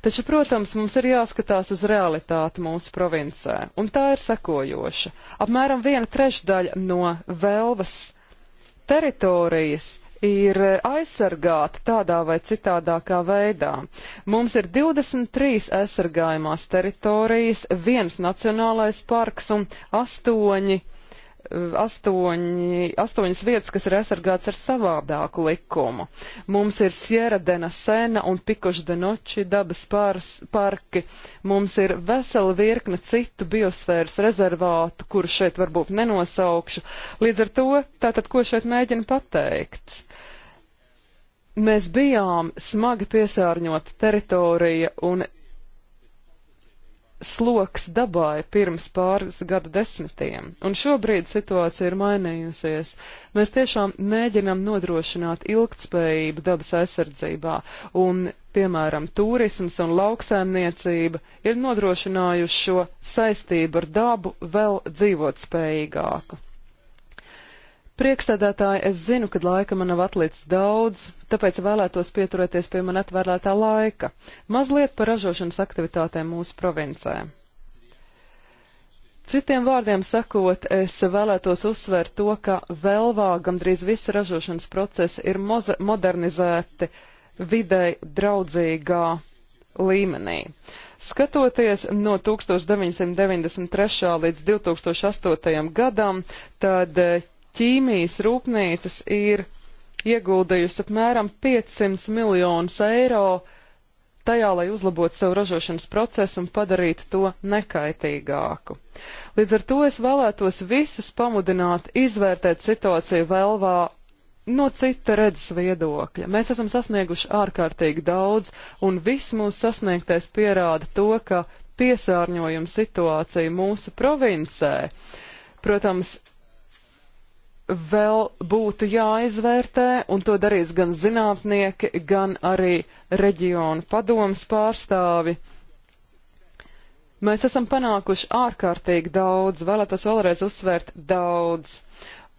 Taču, protams, mums ir jāskatās uz realitāti mūsu provincē, un tā ir sekojoša. Apmēram viena trešdaļa no Velvas teritorijas ir aizsargāti tādā vai citādākā veidā. Mums ir 23 aizsargājumās teritorijas, viens nacionālais parks un astoņi, astoņi, astoņas vietas, kas ir aizsargāts ar savādāku likumu. Mums ir Sierra Dena Sena un Pikuša Denoči dabas pārs, parki. Mums ir vesela virkne citu biosfēras rezervātu, kuru šeit varbūt nenosaukšu. Līdz ar to, tātad, ko šeit mēģina pateikt? Mēs bijām smagi piesārņota teritorija un sloks dabai pirms pāris gadu desmitiem, un šobrīd situācija ir mainījusies. Mēs tiešām mēģinam nodrošināt ilgtspējību dabas aizsardzībā, un, piemēram, turisms un lauksēmniecība ir nodrošinājuši šo saistību ar dabu vēl dzīvot spējīgāku. Priekšsēdētāji, es zinu, ka laika man nav atlicis daudz, tāpēc vēlētos pieturēties pie man atvērtā laika. Mazliet par ražošanas aktivitātēm mūsu provincē. Citiem vārdiem sakot, es vēlētos uzsvērt to, ka Velvā gandrīz visi ražošanas procesi ir modernizēti videi draudzīgā līmenī. Skatoties no 1993. līdz 2008. gadam, tad ķīmijas rūpnīcas ir ieguldījusi apmēram 500 miljonus eiro tajā, lai uzlabotu savu ražošanas procesu un padarītu to nekaitīgāku. Līdz ar to es vēlētos visus pamudināt izvērtēt situāciju Velvā no cita redzes viedokļa. Mēs esam sasnieguši ārkārtīgi daudz, un viss mūsu sasniegtais pierāda to, ka piesārņojuma situācija mūsu provincē, protams, vēl būtu jāizvērtē, un to darīs gan zinātnieki, gan arī reģionu padomas pārstāvi. Mēs esam panākuši ārkārtīgi daudz, vēlētos vēlreiz uzsvērt daudz,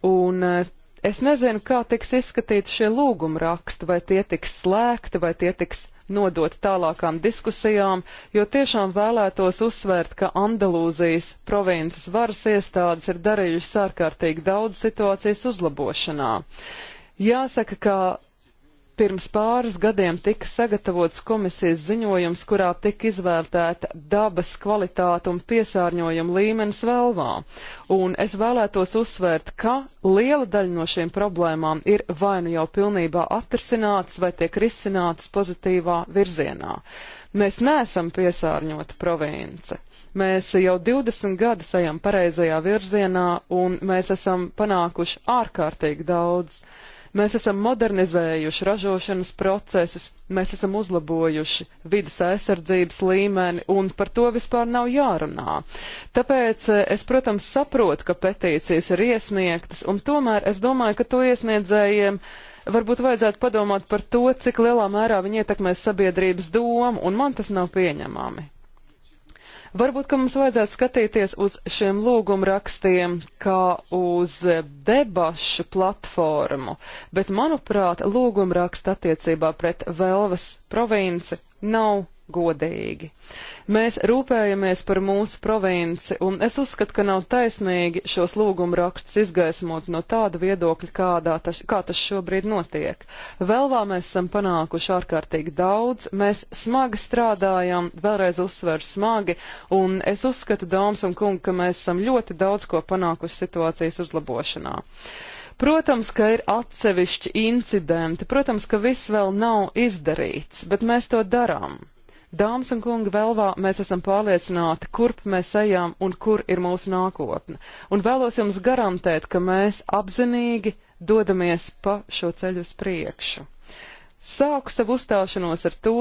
un eh, es nezinu, kā tiks izskatīti šie lūguma raksti, vai tie tiks slēgti, vai tie tiks nodot tālākām diskusijām, jo tiešām vēlētos uzsvērt, ka Andalūzijas provinces varas iestādes ir darījušas ārkārtīgi daudz situācijas uzlabošanā. Jāsaka, ka Pirms pāris gadiem tika sagatavots komisijas ziņojums, kurā tika izvērtēta dabas kvalitāte un piesārņojuma līmenis Velvā. Un es vēlētos uzsvērt, ka liela daļa no šīm problēmām ir vai nu jau pilnībā atrisinātas, vai tiek risinātas pozitīvā virzienā. Mēs neesam piesārņota province. Mēs jau 20 gadus ejam pareizajā virzienā, un mēs esam panākuši ārkārtīgi daudz. Uh, Mēs esam modernizējuši ražošanas procesus, mēs esam uzlabojuši vidas aizsardzības līmeni, un par to vispār nav jārunā. Tāpēc eh, es, protams, saprotu, ka petīcijas ir iesniegtas, un tomēr es domāju, ka to iesniedzējiem varbūt vajadzētu padomāt par to, cik lielā mērā viņi ietekmēs sabiedrības domu, un man tas nav pieņemami. Varbūt, ka mums vajadzētu skatīties uz šiem lūgumrakstiem kā uz debašu platformu, bet, manuprāt, lūgumraksta attiecībā pret Velvas provinci nav godīgi. Mēs rūpējamies par mūsu provinci, un es uzskatu, ka nav taisnīgi šos lūgumu rakstus izgaismot no tāda viedokļa, kādā tas, kā tas šobrīd notiek. Velvā mēs esam panākuši ārkārtīgi daudz, mēs smagi strādājam, vēlreiz uzsveru smagi, un es uzskatu, dāmas un kungi, ka mēs esam ļoti daudz ko panākuši situācijas uzlabošanā. Protams, ka ir atsevišķi incidenti, protams, ka viss vēl nav izdarīts, bet mēs to darām. Dāmas un kungi, Velvā mēs esam pārliecināti, kurp mēs ejam un kur ir mūsu nākotne. Un vēlos jums garantēt, ka mēs apzinīgi dodamies pa šo ceļu uz priekšu. Sāku savu uzstāšanos ar to,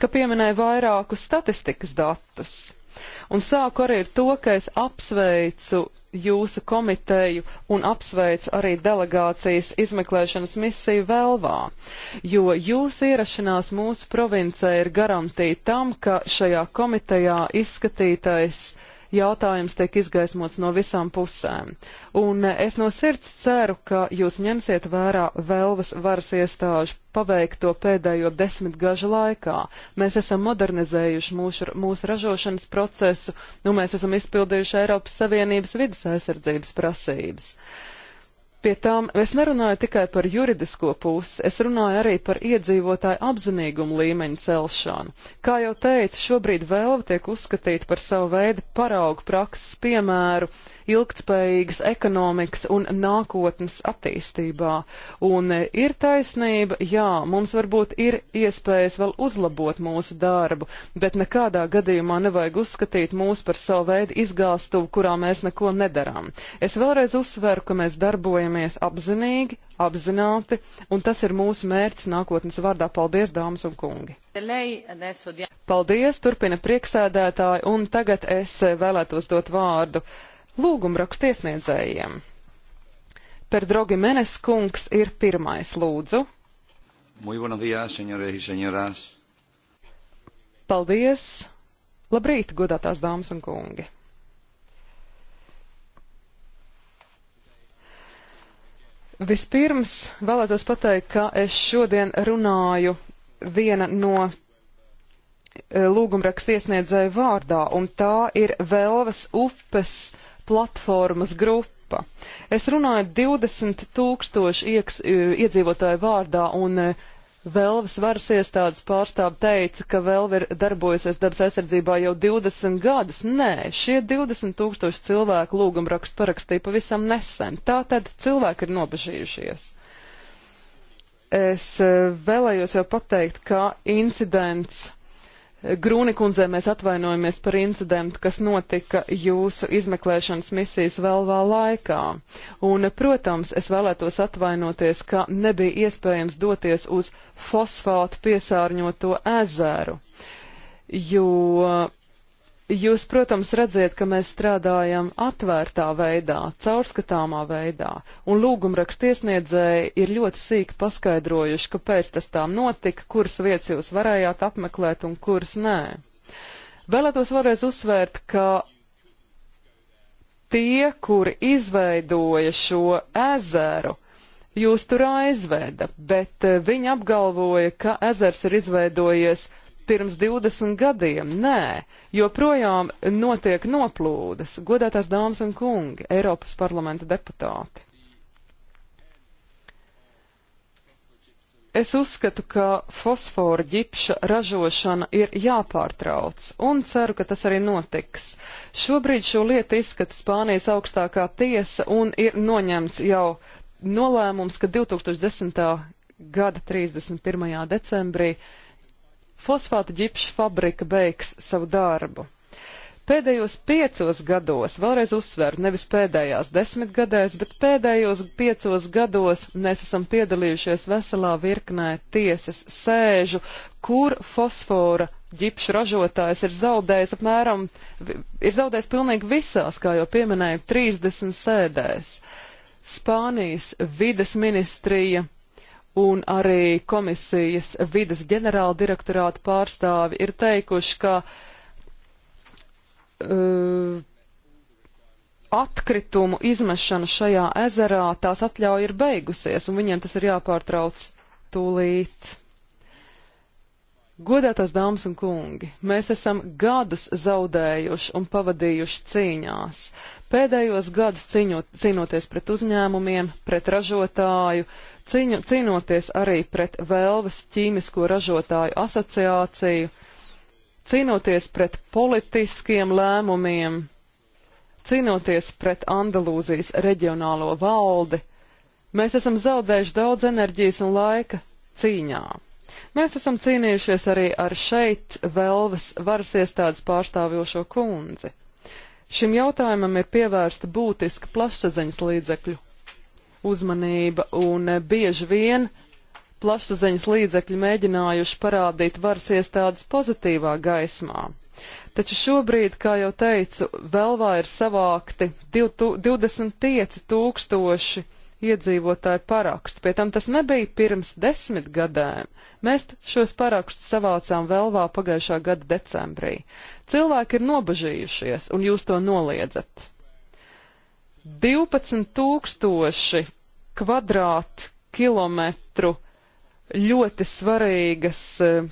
ka pieminēju vairākus statistikas datus. Un sāku arī ar to, ka es apsveicu jūsu komiteju un apsveicu arī delegācijas izmeklēšanas misiju Velvā, jo jūsu ierašanās mūsu provincē ir garantīta tam, ka šajā komitejā izskatītais uh, jautājums tiek izgaismots no visām pusēm. Un eh, es no sirds ceru, ka jūs ņemsiet vērā Velvas varas iestāžu paveikto pēdējo desmitgažu laikā. Mēs esam modernizējuši mūsu, mūsu ražošanas procesu, un nu, mēs esam izpildījuši Eiropas Savienības vidas aizsardzības prasības. Uh, Pie tām es nerunāju tikai par juridisko pusi, es runāju arī par iedzīvotāju apzinīgumu līmeņu celšanu. Kā jau teicu, šobrīd vēlva tiek uzskatīta par savu veidu paraugu prakses piemēru ilgtspējīgas ekonomikas un nākotnes attīstībā. Un e, ir taisnība, jā, mums varbūt ir iespējas vēl uzlabot mūsu darbu, bet nekādā gadījumā nevajag uzskatīt mūs par savu veidu izgāstuvu, kurā mēs neko nedarām. Es vēlreiz uzsveru, ka mēs darbojamies apzinīgi, apzināti, un tas ir mūsu mērķis nākotnes vārdā. Paldies, dāmas un kungi! Paldies, turpina prieksēdētāji, un tagad es e, vēlētos dot vārdu lūgumrakstu iesniedzējiem. Per drogi Menes kungs ir pirmais lūdzu. Muy buenos días, señores y señoras. Paldies! Labrīt, godātās dāmas un kungi! Vispirms vēlētos pateikt, ka es šodien runāju viena no eh, lūgumraksta iesniedzēju vārdā, un tā ir Velvas upes platformas grupa. Es runāju 20 tūkstoši ieks, e, iedzīvotāju vārdā un e, Velvas varas iestādes pārstāve teica, ka Velva ir darbojusies dabas aizsardzībā jau 20 gadus. Nē, šie 20 tūkstoši cilvēku lūgumrakstu parakstīja pavisam nesen. Tātad cilvēki ir nobežījušies. Es e, vēlējos jau pateikt, ka incidents Grūnikundzē mēs atvainojamies par incidentu, kas notika jūsu izmeklēšanas misijas vēlvā laikā. Un, protams, es vēlētos atvainoties, ka nebija iespējams doties uz fosfātu piesārņoto ezeru, jo Jūs, protams, redziet, ka mēs strādājam atvērtā veidā, caurskatāmā veidā, un lūgumrakstu iesniedzēji ir ļoti sīki paskaidrojuši, kāpēc tas tā notika, kuras vietas jūs varējāt apmeklēt un kuras nē. Vēlētos vēlreiz uzsvērt, ka tie, kuri izveidoja šo ezeru, jūs tur aizveda, bet eh, viņi apgalvoja, ka ezers ir izveidojies pirms 20 gadiem. Nē, joprojām notiek noplūdes, godētās dāmas un kungi, Eiropas parlamenta deputāti. Es uzskatu, ka fosfora ģipša ražošana ir jāpārtrauc, un ceru, ka tas arī notiks. Šobrīd šo lietu izskata Spānijas augstākā tiesa, un ir noņemts jau nolēmums, ka 2010. gada 31. decembrī fosfāta ģipša fabrika beigs savu darbu. Pēdējos piecos gados, vēlreiz uzsveru, nevis pēdējās desmit gadēs, bet pēdējos piecos gados mēs esam piedalījušies veselā virknē tiesas sēžu, kur fosfora ģipšu ražotājs ir zaudējis apmēram, ir zaudējis pilnīgi visās, kā jau pieminēju, 30 sēdēs. Spānijas vides ministrija un arī komisijas vidas ģenerāla direktorāta pārstāvi ir teikuši, ka uh, atkritumu izmešana šajā ezerā tās atļauja ir beigusies, un viņiem tas ir jāpārtrauc tūlīt. Godētās dāmas un kungi, mēs esam gadus zaudējuši un pavadījuši cīņās. Pēdējos gadus cīņot, cīnoties pret uzņēmumiem, pret ražotāju, uh, ciņu, cīnoties arī pret Velvas ķīmisko ražotāju asociāciju, cīnoties pret politiskiem lēmumiem, cīnoties pret Andalūzijas reģionālo valdi, mēs esam zaudējuši daudz enerģijas un laika cīņā. Mēs esam cīnījušies arī ar šeit Velvas varas iestādes pārstāvjošo kundzi. Šim jautājumam ir pievērsta būtiska plašsaziņas līdzekļu uzmanība un eh, bieži vien plašsaziņas līdzekļi mēģinājuši parādīt varas iestādes pozitīvā gaismā. Taču šobrīd, kā jau teicu, Velvā ir savākti 25 tūkstoši iedzīvotāju parakstu. Pie tam tas nebija pirms desmit gadēm. Mēs šos parakstus savācām Velvā pagājušā gada decembrī. Cilvēki ir nobažījušies, un jūs to noliedzat. 12,000 kvadrātkilometru ļoti svarīgas eh,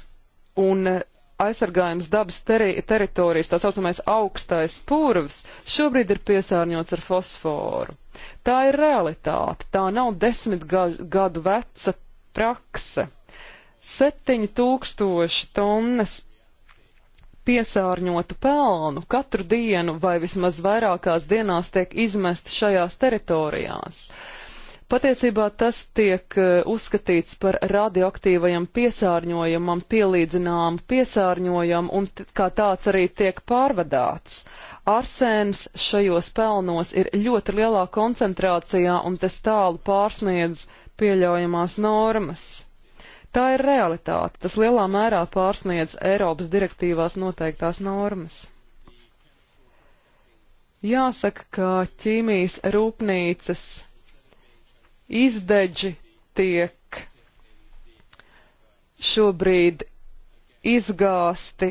un aizsargājums dabas teri teritorijas, tā saucamais augstais purvs, šobrīd ir piesārņots ar fosforu. Tā ir realitāte, tā nav desmit gadu veca prakse. 7000 tonnas piesārņotu pelnu katru dienu vai vismaz vairākās dienās tiek izmest šajās teritorijās. Patiesībā tas tiek eh, uzskatīts par radioaktīvajam piesārņojumam, pielīdzināmu piesārņojumu un kā tāds arī tiek pārvadāts. Arsēns šajos pelnos ir ļoti lielā koncentrācijā un tas tālu pārsniedz pieļaujamās normas. Tā ir realitāte. Tas lielā mērā pārsniedz Eiropas direktīvās noteiktās normas. Jāsaka, ka ķīmijas rūpnīcas izdeģi tiek šobrīd izgāsti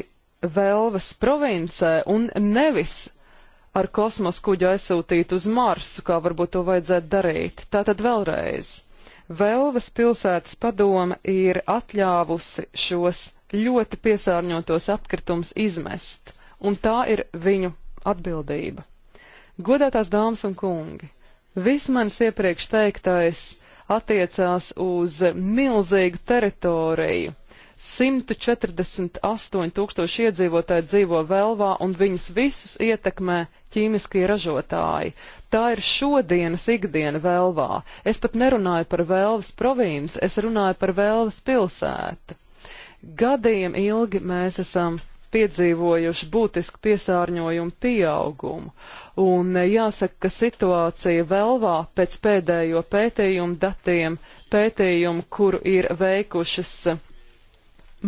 Velvas provincē un nevis ar kosmos kuģu aizsūtīt uz Marsu, kā varbūt to vajadzētu darīt. Tātad vēlreiz. Velvas pilsētas padome ir atļāvusi šos ļoti piesārņotos atkritumus izmest, un tā ir viņu atbildība. Godētās dāmas un kungi, viss mans iepriekš teiktais attiecās uz milzīgu teritoriju. 148 tūkstoši iedzīvotāji dzīvo Velvā un viņus visus ietekmē ķīmiskie ražotāji. Tā ir šodienas ikdiena Velvā. Es pat nerunāju par Velvas provinci, es runāju par Velvas pilsētu. Gadiem ilgi mēs esam piedzīvojuši būtisku piesārņojumu pieaugumu, un eh, jāsaka, ka situācija Velvā pēc pēdējo pētījumu datiem, pētījumu, kuru ir veikušas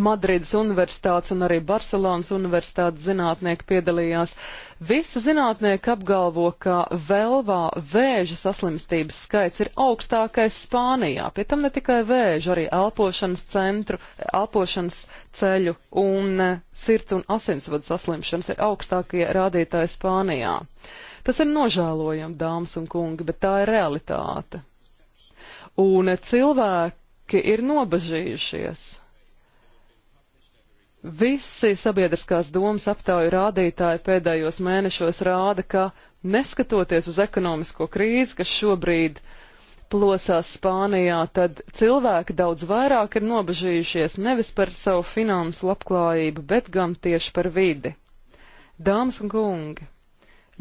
Madrides Universitātes un arī Barcelonas Universitātes zinātnieki piedalījās, uh, Visi zinātnieki apgalvo, ka velvā vēža saslimstības skaits ir augstākais Spānijā. Pie tam ne tikai vēža, arī elpošanas centru, elpošanas ceļu un eh, sirds un asinsvadu saslimšanas ir augstākie rādītāji Spānijā. Tas ir nožēlojami, dāmas un kungi, bet tā ir realitāte. Un cilvēki ir nobežījušies. Visi sabiedriskās domas aptauju rādītāji pēdējos mēnešos rāda, ka neskatoties uz ekonomisko krīzi, kas šobrīd plosās Spānijā, tad cilvēki daudz vairāk ir nobežījušies nevis par savu finansu labklājību, bet gan tieši par vidi. Dāmas un kungi!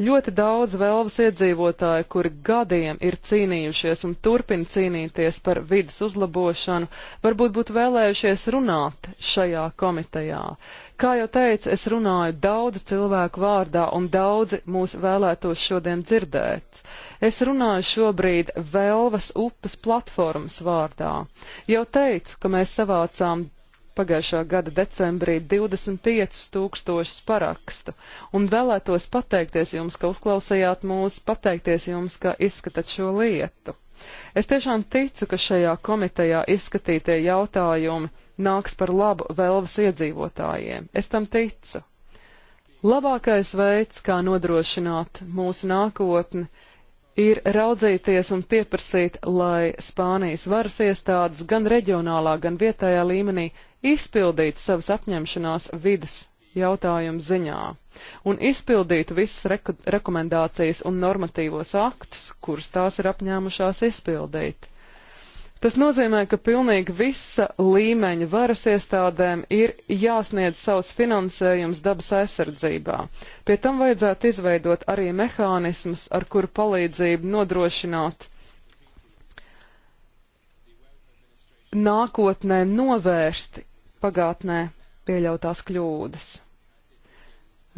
Ļoti daudz vēlvas iedzīvotāju, kuri gadiem ir cīnījušies un turpina cīnīties par vidas uzlabošanu, varbūt būtu vēlējušies runāt šajā komitejā. Kā jau teicu, es runāju daudzu cilvēku vārdā un daudzi mūs vēlētos šodien dzirdēt. Es runāju šobrīd Velvas upes platformas vārdā. Jau teicu, ka mēs savācām pagājušā gada decembrī 25 tūkstošus parakstu. Un vēlētos pateikties jums, ka uzklausījāt mūs, pateikties jums, ka izskatāt šo lietu. Es tiešām ticu, ka šajā komitejā izskatītie jautājumi nāks par labu vēlvas iedzīvotājiem. Es tam ticu. Labākais veids, kā nodrošināt mūsu nākotni, ir raudzīties un pieprasīt, lai Spānijas varas iestādes gan reģionālā, gan vietējā līmenī izpildītu savas apņemšanās vidas jautājumu ziņā un izpildītu visas reko rekomendācijas un normatīvos aktus, kurus tās ir apņēmušās izpildīt. Tas nozīmē, ka pilnīgi visa līmeņa varas iestādēm ir jāsniedz savus finansējums dabas aizsardzībā. Pie tam vajadzētu izveidot arī mehānismus, ar kuru palīdzību nodrošināt nākotnē novērst pagātnē pieļautās kļūdas.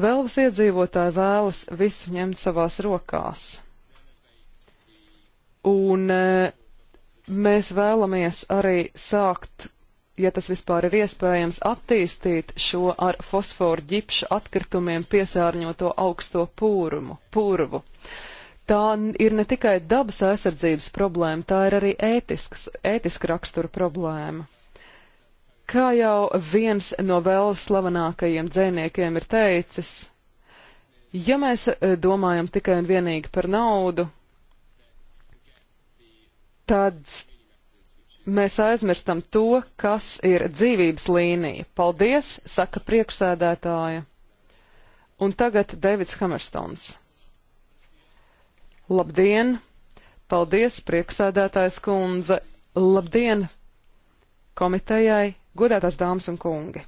Velvas iedzīvotāji vēlas visu ņemt savās rokās. Un e, mēs vēlamies arī sākt, ja tas vispār ir iespējams, attīstīt šo ar fosforu ģipšu atkritumiem piesārņoto augsto pūrumu, purvu. Tā ir ne tikai dabas aizsardzības problēma, tā ir arī ētisks, ētiska rakstura problēma. Kā jau viens no vēl slavenākajiem dzēniekiem ir teicis, ja mēs e, domājam tikai un vienīgi par naudu, tad mēs aizmirstam to, kas ir dzīvības līnija. Paldies, saka priekšsēdētāja. Un tagad Davids Hamerstons. Labdien! Paldies, priekšsēdētājs kundze! Labdien komitejai! Godētās dāmas un kungi!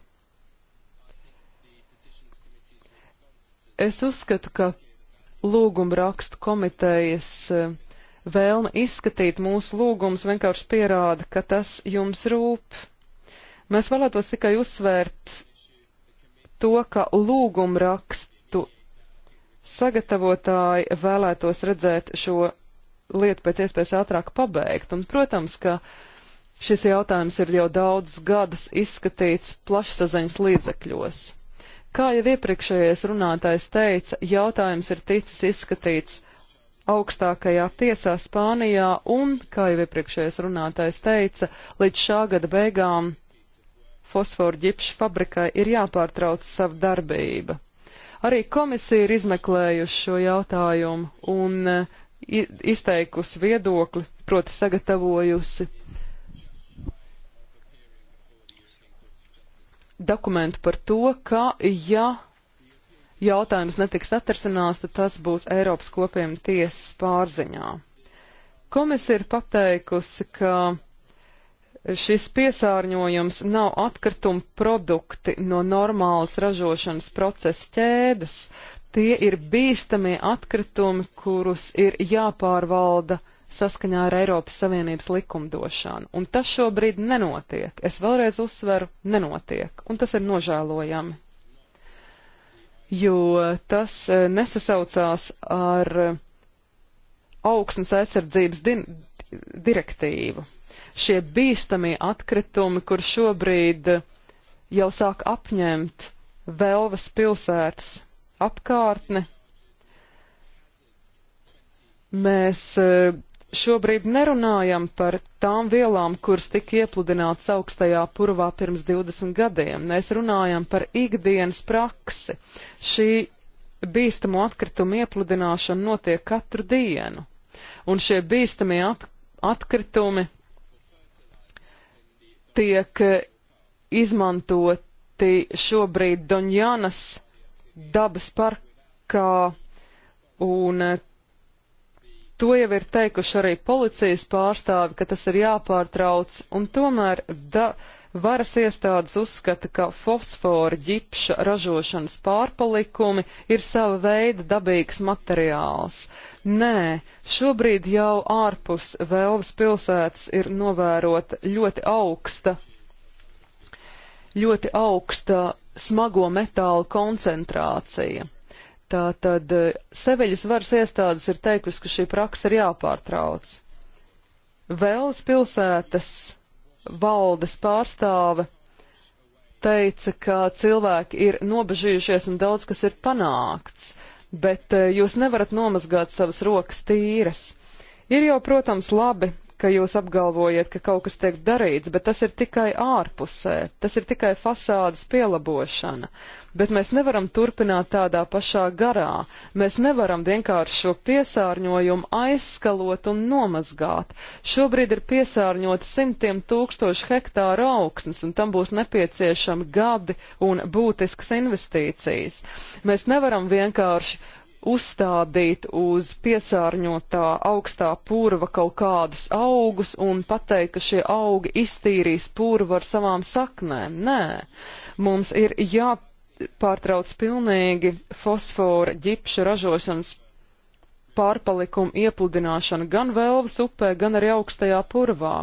Es uzskatu, ka lūguma rakstu komitejas eh, vēlme izskatīt mūsu lūgumus vienkārši pierāda, ka tas jums rūp. Mēs vēlētos tikai uzsvērt to, ka lūguma rakstu sagatavotāji vēlētos redzēt šo lietu pēc iespējas ātrāk pabeigt. Un, protams, ka uh, Šis jautājums ir jau daudz gadus izskatīts plašsaziņas līdzekļos. Kā jau iepriekšējais runātājs teica, jautājums ir ticis izskatīts augstākajā tiesā Spānijā un, kā jau iepriekšējais runātājs teica, līdz šā gada beigām fosforu ģipšu fabrikai ir jāpārtrauc savu darbību. Arī komisija ir izmeklējusi šo jautājumu un e, izteikusi viedokli, proti sagatavojusi dokumentu par to, ka ja jautājums netiks atrasinās, tad tas būs Eiropas kopiem tiesas pārziņā. Komisija ir pateikusi, ka šis piesārņojums nav atkrituma produkti no normālas ražošanas procesa ķēdes. Tie ir bīstamie atkritumi, kurus ir jāpārvalda saskaņā ar Eiropas Savienības likumdošanu. Un tas šobrīd nenotiek. Es vēlreiz uzsveru, nenotiek. Un tas ir nožēlojami. Jo tas e, nesasaucās ar e, augsnes aizsardzības di direktīvu. Šie bīstamie atkritumi, kur šobrīd e, jau sāk apņemt Velvas pilsētas apkārtni. Mēs eh, šobrīd nerunājam par tām vielām, kuras tika iepludināts augstajā purvā pirms 20 gadiem. Mēs runājam par ikdienas praksi. Šī bīstamo atkritumu iepludināšana notiek katru dienu. Un šie bīstamie at atkritumi tiek eh, izmantoti šobrīd Doņjanas dabas parkā, un eh, to jau ir teikuši arī policijas pārstāvi, ka tas ir jāpārtrauc, un tomēr da, varas iestādes uzskata, ka fosfora ģipša ražošanas pārpalikumi ir sava veida dabīgs materiāls. Nē, šobrīd jau ārpus Velvas pilsētas ir novērota ļoti augsta ļoti augsta smago metālu koncentrācija. Tātad eh, Seviļas varas iestādes ir teikusi, ka šī praksa ir jāpārtrauc. Vēlas pilsētas valdes pārstāve teica, ka cilvēki ir nobežījušies un daudz kas ir panākts, bet eh, jūs nevarat nomazgāt savas rokas tīras. Ir jau, protams, labi, ka jūs apgalvojat, ka kaut kas tiek darīts, bet tas ir tikai ārpusē, tas ir tikai fasādes pielabošana. Bet mēs nevaram turpināt tādā pašā garā, mēs nevaram vienkārši šo piesārņojumu aizskalot un nomazgāt. Šobrīd ir piesārņot simtiem tūkstošu hektāru augsnes, un tam būs nepieciešami gadi un būtiskas investīcijas. Mēs nevaram vienkārši uzstādīt uz piesārņotā augstā purva kaut kādus augus un pateikt, ka šie augi iztīrīs purvu ar savām saknēm. Nē, mums ir jāpārtrauc pilnīgi fosfora ģipša ražošanas pārpalikumu iepludināšanu gan Velvas upē, gan arī augstajā purvā.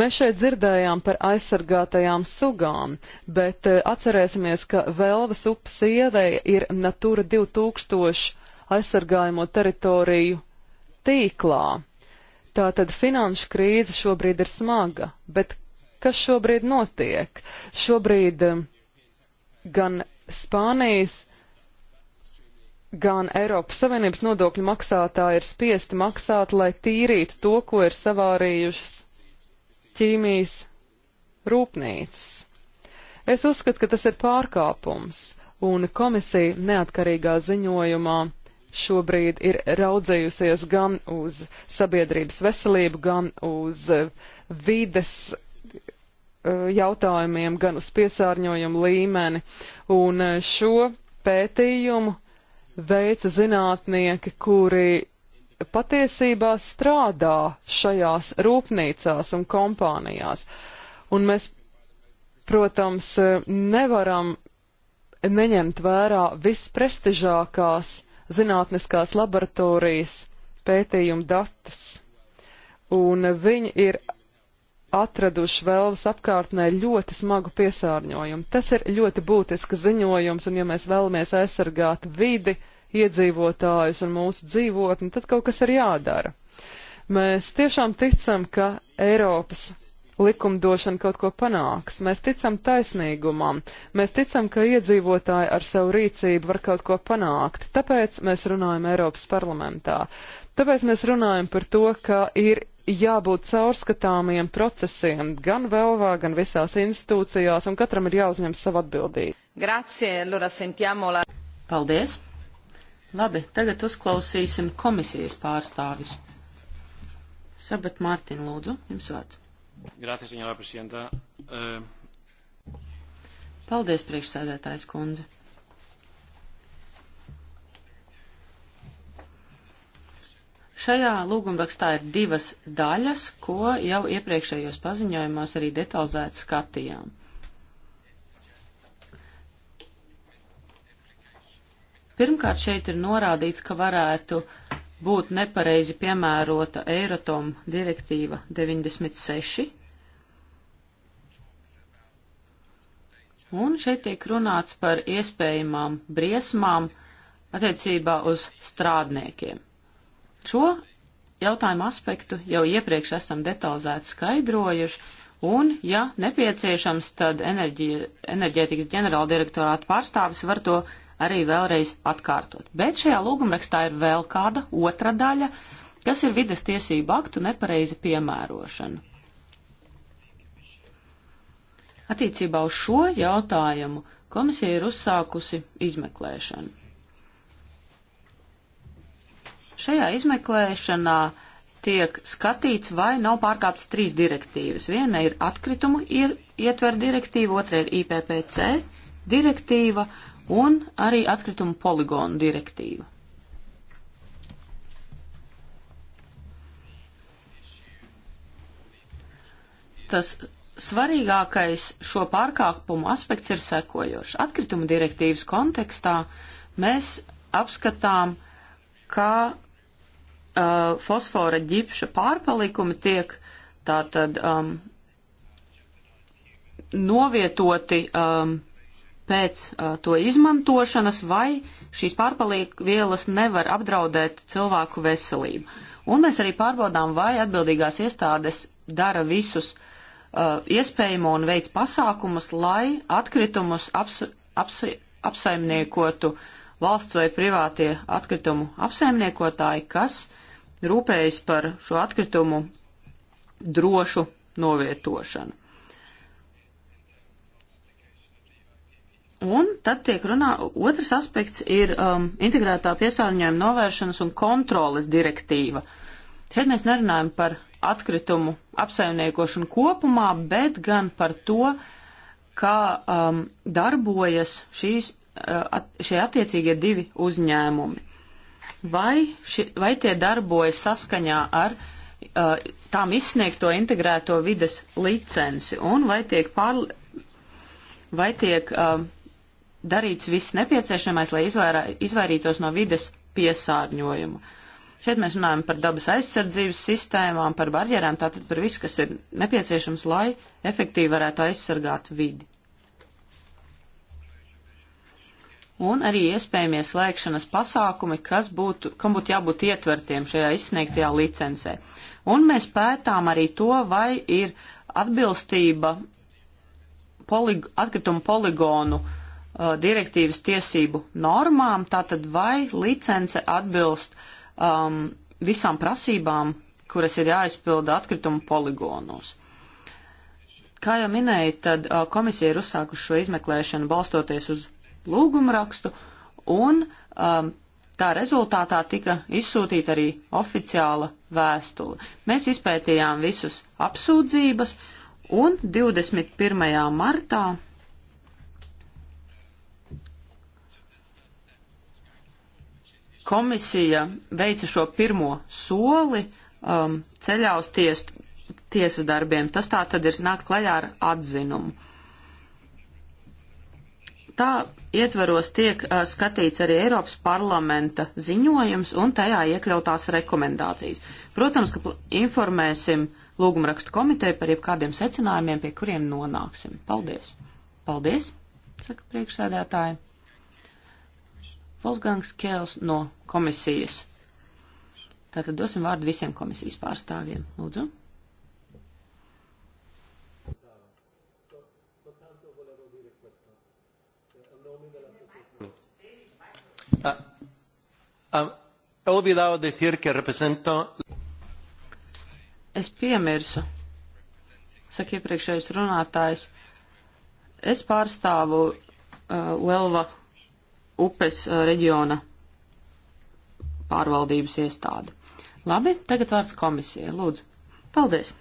Mēs šeit dzirdējām par aizsargātajām sugām, bet eh, atcerēsimies, ka Velvas upes ievei ir Natura 2000 aizsargājamo teritoriju tīklā. Tātad finanšu krīze šobrīd ir smaga, bet kas šobrīd notiek? Šobrīd eh, gan Spānijas, gan Eiropas Savienības nodokļu maksātāji ir spiesti maksāt, lai tīrītu to, ko ir savārījušas ķīmijas rūpnīcas. Es uzskatu, ka tas ir pārkāpums, un komisija neatkarīgā ziņojumā šobrīd ir raudzējusies gan uz sabiedrības veselību, gan uz eh, vides eh, jautājumiem, gan uz piesārņojumu līmeni. Un eh, šo pētījumu veica zinātnieki, kuri patiesībā strādā šajās rūpnīcās un kompānijās. Un mēs, protams, nevaram neņemt vērā visprestižākās zinātniskās laboratorijas pētījumu datus. Un viņi ir atraduši vēlas apkārtnē ļoti smagu piesārņojumu. Tas ir ļoti būtisks ziņojums, un ja mēs vēlamies aizsargāt vidi, uh, iedzīvotājus un mūsu dzīvotni, tad kaut kas ir jādara. Mēs tiešām ticam, ka Eiropas likumdošana kaut ko panāks. Mēs ticam taisnīgumam, mēs ticam, ka iedzīvotāji ar savu rīcību var kaut ko panākt. Tāpēc mēs runājam Eiropas parlamentā. Tāpēc mēs runājam par to, ka ir jābūt caurskatāmiem procesiem gan Velvā, gan visās institūcijās, un katram ir jāuzņem savu atbildību. Grazie, Lura, sentiamo la. Paldies! Labi, tagad uzklausīsim komisijas pārstāvis. Sabat Mārtiņ, lūdzu, jums vārds. Grāties, ņēmā presidentā. Uh... Eh, Paldies, priekšsēdētājs kundze. Šajā lūgumrakstā ir divas daļas, ko jau iepriekšējos paziņojumos arī detalizēti skatījām. Pirmkārt, šeit ir norādīts, ka varētu būt nepareizi piemērota Eiratom direktīva 96. Un šeit tiek runāts par iespējamām briesmām attiecībā uz strādniekiem. Šo jautājumu aspektu jau iepriekš esam detalizēti skaidrojuši, un, ja nepieciešams, tad enerģija, enerģētikas ģenerāldirektorāta pārstāvis var to arī vēlreiz atkārtot. Bet šajā lūgumrakstā ir vēl kāda otra daļa, kas ir vides tiesību aktu nepareiza piemērošana. Attiecībā uz šo jautājumu komisija ir uzsākusi izmeklēšanu. Šajā izmeklēšanā tiek skatīts, vai nav pārkāptas trīs direktīvas. Viena ir atkritumu ietver direktīva, otra ir IPPC direktīva un arī atkritumu poligonu direktīva. Tas svarīgākais šo pārkāpumu aspekts ir sekojošs. Atkrituma direktīvas kontekstā mēs apskatām, kā uh, fosfora ģipša pārpalikumi tiek tātad um, novietoti um, pēc uh, to izmantošanas, vai šīs pārpaliekvielas nevar apdraudēt cilvēku veselību. Un mēs arī pārbaudām, vai atbildīgās iestādes dara visus uh, iespējamo un veids pasākumus, lai atkritumus aps, aps, apsaimniekotu valsts vai privātie atkritumu apsaimniekotāji, kas rūpējas par šo atkritumu drošu novietošanu. Un tad tiek runā, otrs aspekts ir um, integrētā piesārņojuma novēršanas un kontroles direktīva. Šeit mēs nerunājam par atkritumu apsaimniekošanu kopumā, bet gan par to, kā um, darbojas šīs, uh, at, šie attiecīgie divi uzņēmumi. Vai, ši, vai tie darbojas saskaņā ar uh, tām izsniegto integrēto vides licenci un vai tiek pār, vai tiek uh, darīts viss nepieciešamais, lai izvairā, izvairītos no vides piesārņojuma. Šeit mēs runājam par dabas aizsardzības sistēmām, par barjerām, tātad par visu, kas ir nepieciešams, lai efektīvi varētu aizsargāt vidi. Un arī iespējamie slēgšanas pasākumi, kas būtu, kam būtu jābūt ietvertiem šajā izsniegtajā licencē. Un mēs pētām arī to, vai ir atbilstība polig atkrituma poligonu uh, Uh, direktīvas tiesību normām, tātad vai licence atbilst um, visām prasībām, kuras ir jāizpilda atkritumu poligonos. Kā jau minēju, tad uh, komisija ir uzsākuši šo izmeklēšanu balstoties uz lūgumrakstu, un um, tā rezultātā tika izsūtīta arī oficiāla vēstule. Mēs izpētījām visus apsūdzības, un 21. martā komisija veica šo pirmo soli um, ceļā uz ties, tiesas darbiem. Tas tā tad ir nākt klajā ar atzinumu. Tā ietveros tiek uh, skatīts arī Eiropas parlamenta ziņojums un tajā iekļautās rekomendācijas. Protams, ka informēsim lūgumrakstu komiteju par jebkādiem secinājumiem, pie kuriem nonāksim. Paldies! Paldies, saka priekšsēdētāji. Volgangs Kēls no komisijas. Tātad dosim vārdu visiem komisijas pārstāvjiem. Lūdzu. Ah, ah, he olvidado decir que represento. Es piemirsu, saka iepriekšējais runātājs. Es pārstāvu uh, eh, Lelva upes reģiona pārvaldības iestāde. Labi, tagad vārds komisijai. Lūdzu. Paldies.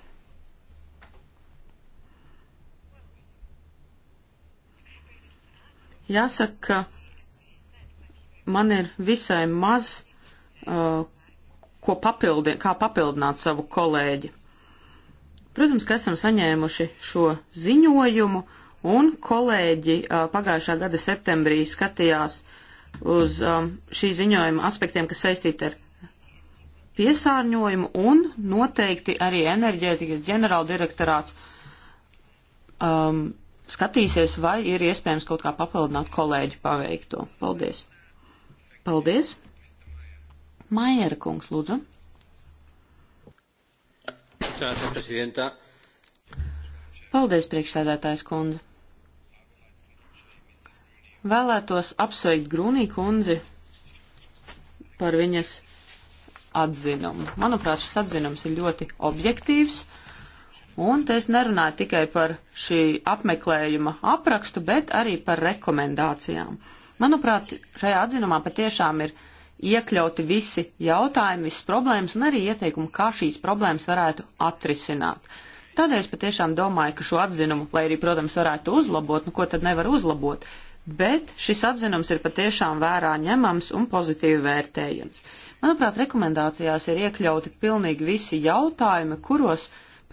Jāsaka, ka man ir visai maz, uh, ko papildi, kā papildināt savu kolēģi. Protams, ka esam saņēmuši šo ziņojumu Un kolēģi pagājušā gada septembrī skatījās uz šī ziņojuma aspektiem, kas saistīti ar piesārņojumu un noteikti arī enerģētikas ģenerāldirektorāts um, skatīsies, vai ir iespējams kaut kā papildināt kolēģi paveikto. Paldies! Paldies! Maiera kungs, lūdzu. Paldies, priekšsēdētājs kundze. Vēlētos apsveikt Grunī kundzi par viņas atzinumu. Manuprāt, šis atzinums ir ļoti objektīvs. Un te es nerunāju tikai par šī apmeklējuma aprakstu, bet arī par rekomendācijām. Manuprāt, šajā atzinumā patiešām ir iekļauti visi jautājumi, visas problēmas un arī ieteikumi, kā šīs problēmas varētu atrisināt. Tādēļ es patiešām domāju, ka šo atzinumu, lai arī, protams, varētu uzlabot, nu ko tad nevar uzlabot, bet šis atzinums ir patiešām vērā ņemams un pozitīvi vērtējams. Manuprāt, rekomendācijās ir iekļauti pilnīgi visi jautājumi, kuros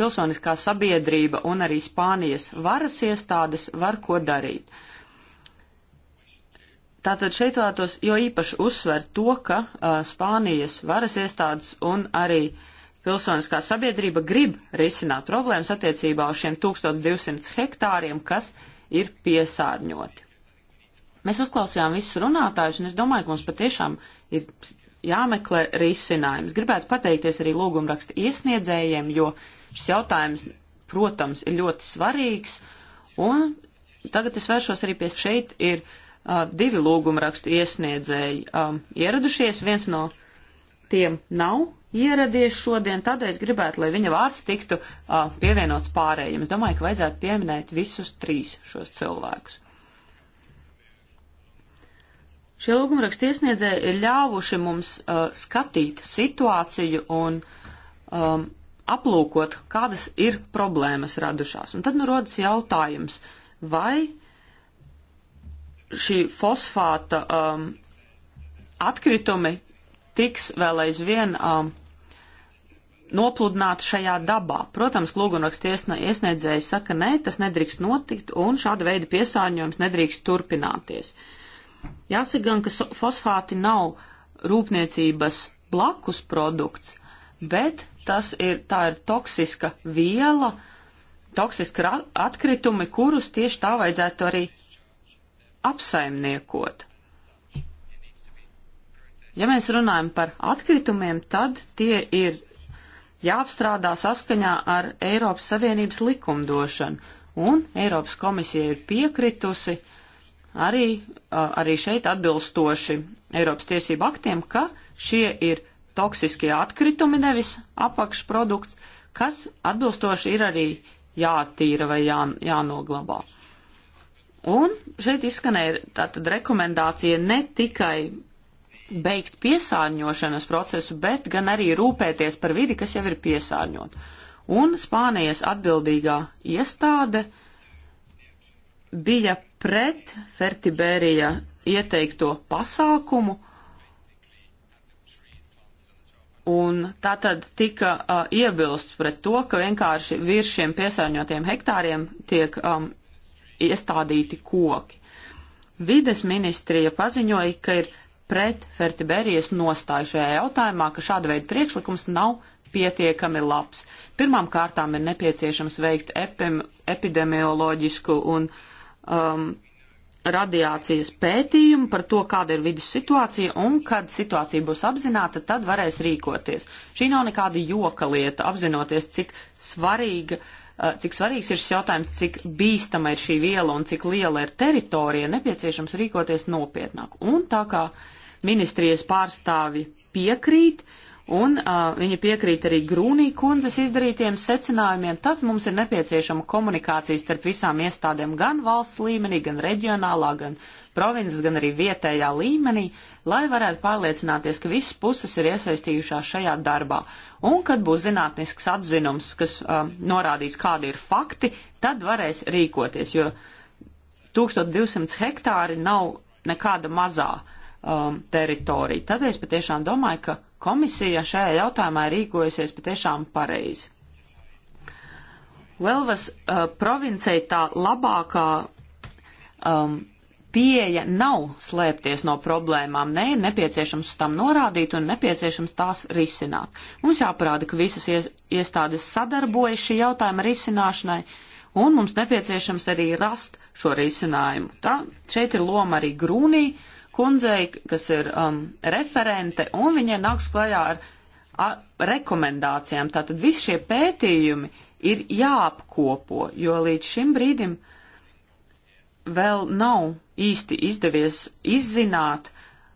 pilsoniskā sabiedrība un arī Spānijas varas iestādes var ko darīt. Tātad šeit vēlētos jo īpaši uzsvērt to, ka uh, Spānijas varas iestādes un arī pilsoniskā sabiedrība grib risināt problēmas attiecībā uz šiem 1200 hektāriem, kas ir piesārņoti. Mēs uzklausījām visus runātājus, un es domāju, ka mums patiešām ir jāmeklē risinājums. Gribētu pateikties arī lūgumraksta iesniedzējiem, jo šis jautājums, protams, ir ļoti svarīgs. Un tagad es vēršos arī pie šeit ir uh, divi lūgumrakstu iesniedzēji um, ieradušies. Viens no tiem nav ieradies šodien, tādēļ es gribētu, lai viņa vārds tiktu uh, pievienots pārējiem. Es domāju, ka vajadzētu pieminēt visus trīs šos cilvēkus. Šie lūgumraksti iesniedzēji ir ļāvuši mums uh, skatīt situāciju un um, aplūkot, kādas ir problēmas radušās. Un tad nu rodas jautājums, vai šī fosfāta um, atkritumi tiks vēl aizvien um, nopludināti šajā dabā. Protams, lūgunraksts iesniedzēji saka, nē, tas nedrīkst notikt un šāda veida piesārņojums nedrīkst turpināties. Uh, Jāsaka gan, ka fosfāti nav rūpniecības blakus produkts, bet tas ir, tā ir toksiska viela, toksiski atkritumi, kurus tieši tā vajadzētu arī apsaimniekot. Ja mēs runājam par atkritumiem, tad tie ir jāapstrādā saskaņā ar Eiropas Savienības likumdošanu, un Eiropas komisija ir piekritusi uh, arī, arī šeit atbilstoši Eiropas tiesību aktiem, ka šie ir toksiskie atkritumi, nevis apakšprodukts, kas atbilstoši ir arī jātīra vai jā, jānoglabā. Un šeit izskanēja tātad rekomendācija ne tikai beigt piesārņošanas procesu, bet gan arī rūpēties par vidi, kas jau ir piesārņot. Un Spānijas atbildīgā iestāde bija pret Fertiberija ieteikto pasākumu. Un tā tad tika uh, iebilsts pret to, ka vienkārši virs šiem piesārņotiem hektāriem tiek um, iestādīti koki. Vides ministrija paziņoja, ka ir pret Fertiberijas nostāju šajā jautājumā, ka šāda veida priekšlikums nav pietiekami labs. Pirmām kārtām ir nepieciešams veikt epim, epidemioloģisku un uh, um, radiācijas pētījumu par to, kāda ir vidus situācija, un kad situācija būs apzināta, tad varēs rīkoties. Šī nav nekāda joka lieta, apzinoties, cik svarīga. Uh, cik svarīgs ir šis jautājums, cik bīstama ir šī viela un cik liela ir teritorija, nepieciešams rīkoties nopietnāk. Un tā kā ministrijas pārstāvi piekrīt, uh, un uh, viņa piekrīt arī Grūnī kundzes izdarītiem secinājumiem, tad mums ir nepieciešama komunikācija starp visām iestādēm gan valsts līmenī, gan reģionālā, gan provinces, gan arī vietējā līmenī, lai varētu pārliecināties, ka visas puses ir iesaistījušās šajā darbā. Un, kad būs zinātnisks atzinums, kas uh, norādīs, kādi ir fakti, tad varēs rīkoties, jo 1200 hektāri nav nekāda mazā um, teritoriju. Tad es patiešām domāju, ka komisija šajā jautājumā rīkojasies patiešām pareizi. Velvas uh, provincei tā labākā um, pieeja nav slēpties no problēmām, ne ir nepieciešams tam norādīt un nepieciešams tās risināt. Mums jāparāda, ka visas iestādes sadarbojas šī jautājuma risināšanai, un mums nepieciešams arī rast šo risinājumu. Tā, šeit ir loma arī grūnī, uh, kundzei, kas ir um, referente, un viņai nāks klajā ar, ar rekomendācijām. Tātad visi šie pētījumi ir jāapkopo, jo līdz šim brīdim vēl nav īsti izdevies izzināt,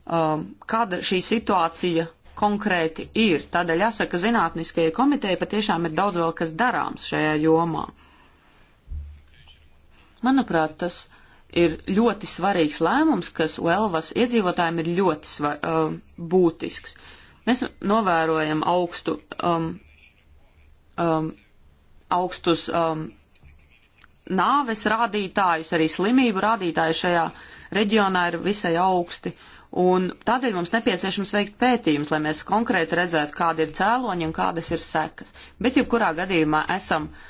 um, kāda šī situācija konkrēti ir. Tādēļ jāsaka, ka zinātniskajai komitejai patiešām ir daudz vēl kas darāms šajā jomā. Manuprāt, tas ir ļoti svarīgs lēmums, kas Uelvas iedzīvotājiem ir ļoti svar, um, uh, būtisks. Mēs novērojam augstu, um, um, augstus um, nāves rādītājus, arī slimību rādītājus šajā reģionā ir visai augsti. Un tādēļ mums nepieciešams veikt pētījumus, lai mēs konkrēti redzētu, kāda ir cēloņa un kādas ir sekas. Bet jebkurā gadījumā esam uh,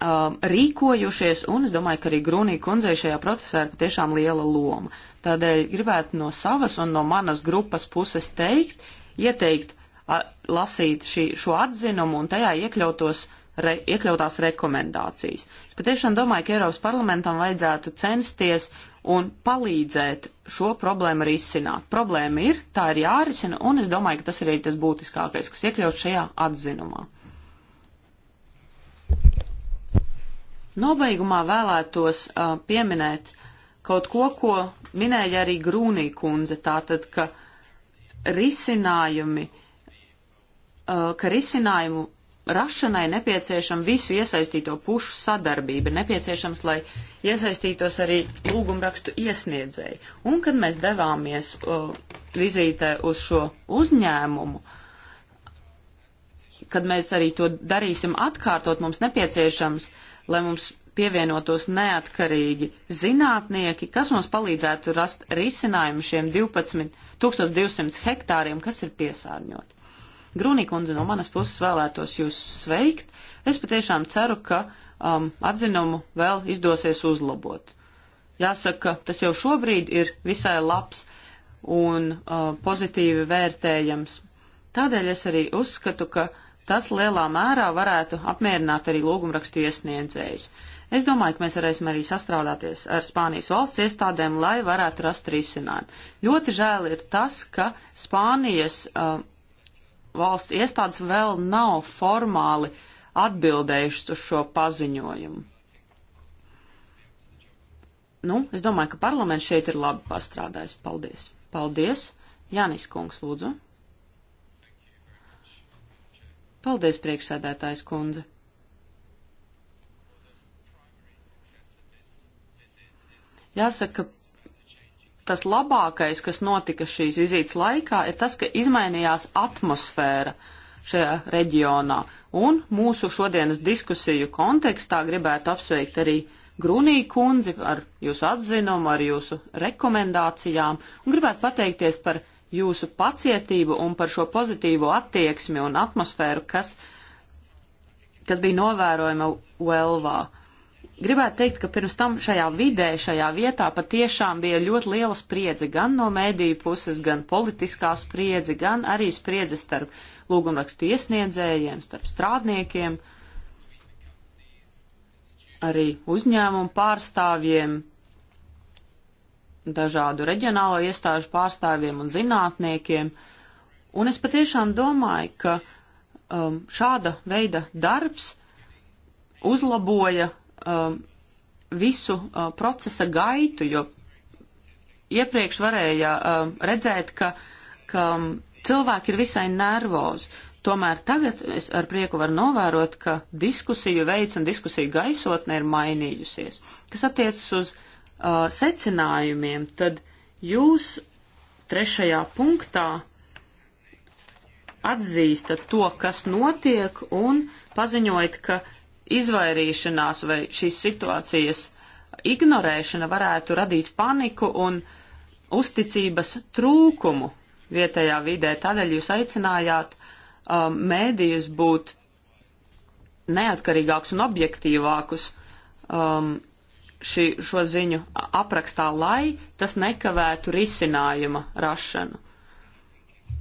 um, rīkojušies, un es domāju, ka arī Grunija kundzei šajā procesā ir patiešām liela loma. Tādēļ gribētu no savas un no manas grupas puses teikt, ieteikt a, lasīt šī, šo atzinumu un tajā iekļautos re, iekļautās rekomendācijas. Es patiešām domāju, ka Eiropas parlamentam vajadzētu censties un palīdzēt šo problēmu risināt. Problēma ir, tā ir jārisina, un es domāju, ka tas ir arī tas būtiskākais, kas iekļauts šajā atzinumā. Nobeigumā vēlētos uh, pieminēt kaut ko, ko minēja arī Grūnī kundze, tātad, ka risinājumi, uh, ka risinājumu rašanai nepieciešama visu iesaistīto pušu sadarbība, nepieciešams, lai iesaistītos arī lūgumrakstu iesniedzēji. Un, kad mēs devāmies uh, vizītē uz šo uzņēmumu, kad mēs arī to darīsim atkārtot, mums nepieciešams uh, lai mums pievienotos neatkarīgi zinātnieki, kas mums palīdzētu rast risinājumu šiem 12, 1200 hektāriem, kas ir piesārņoti. Grunīkundze no manas puses vēlētos jūs sveikt. Es patiešām ceru, ka um, atzinumu vēl izdosies uzlabot. Jāsaka, tas jau šobrīd ir visai labs un uh, pozitīvi vērtējams. Tādēļ es arī uzskatu, ka uh, tas lielā mērā varētu apmierināt arī lūgumrakstu iesniedzējus. Es domāju, ka mēs varēsim arī sastrādāties ar Spānijas valsts iestādēm, lai varētu rast risinājumu. Ļoti žēl ir tas, ka Spānijas uh, valsts iestādes vēl nav formāli atbildējušas uz šo paziņojumu. Nu, es domāju, ka parlaments šeit ir labi pastrādājis. Paldies! Paldies! Janis Kungs, lūdzu! Paldies, priekšsēdētājs kundze. Jāsaka, tas labākais, kas notika šīs vizītes laikā, ir tas, ka izmainījās atmosfēra šajā reģionā. Un mūsu šodienas diskusiju kontekstā gribētu apsveikt arī Grunī kundzi ar jūsu atzinumu, ar jūsu rekomendācijām un gribētu pateikties par jūsu pacietību un par šo pozitīvo attieksmi un atmosfēru, kas, kas bija novērojama Velvā. Gribētu teikt, ka pirms tam šajā vidē, šajā vietā patiešām bija ļoti liela spriedze gan no mēdīju puses, gan politiskā spriedze, gan arī spriedze starp lūgumrakstu iesniedzējiem, starp strādniekiem, arī uzņēmumu pārstāvjiem, dažādu reģionālo iestāžu pārstāvjiem un zinātniekiem. Un es patiešām domāju, ka um, šāda veida darbs uzlaboja um, visu uh, procesa gaitu, jo iepriekš varēja uh, redzēt, ka, ka um, cilvēki ir visai nervozi. Tomēr tagad es ar prieku varu novērot, ka diskusiju veids un diskusiju gaisotne ir mainījusies. Kas attiecas uz uh, uh, secinājumiem, tad jūs trešajā punktā atzīstat to, kas notiek, un paziņojat, ka izvairīšanās vai šīs situācijas ignorēšana varētu radīt paniku un uzticības trūkumu vietējā vidē. Tādēļ jūs aicinājāt um, mēdījus būt neatkarīgākus un objektīvākus um, šī, šo ziņu aprakstā, lai tas nekavētu risinājuma rašanu.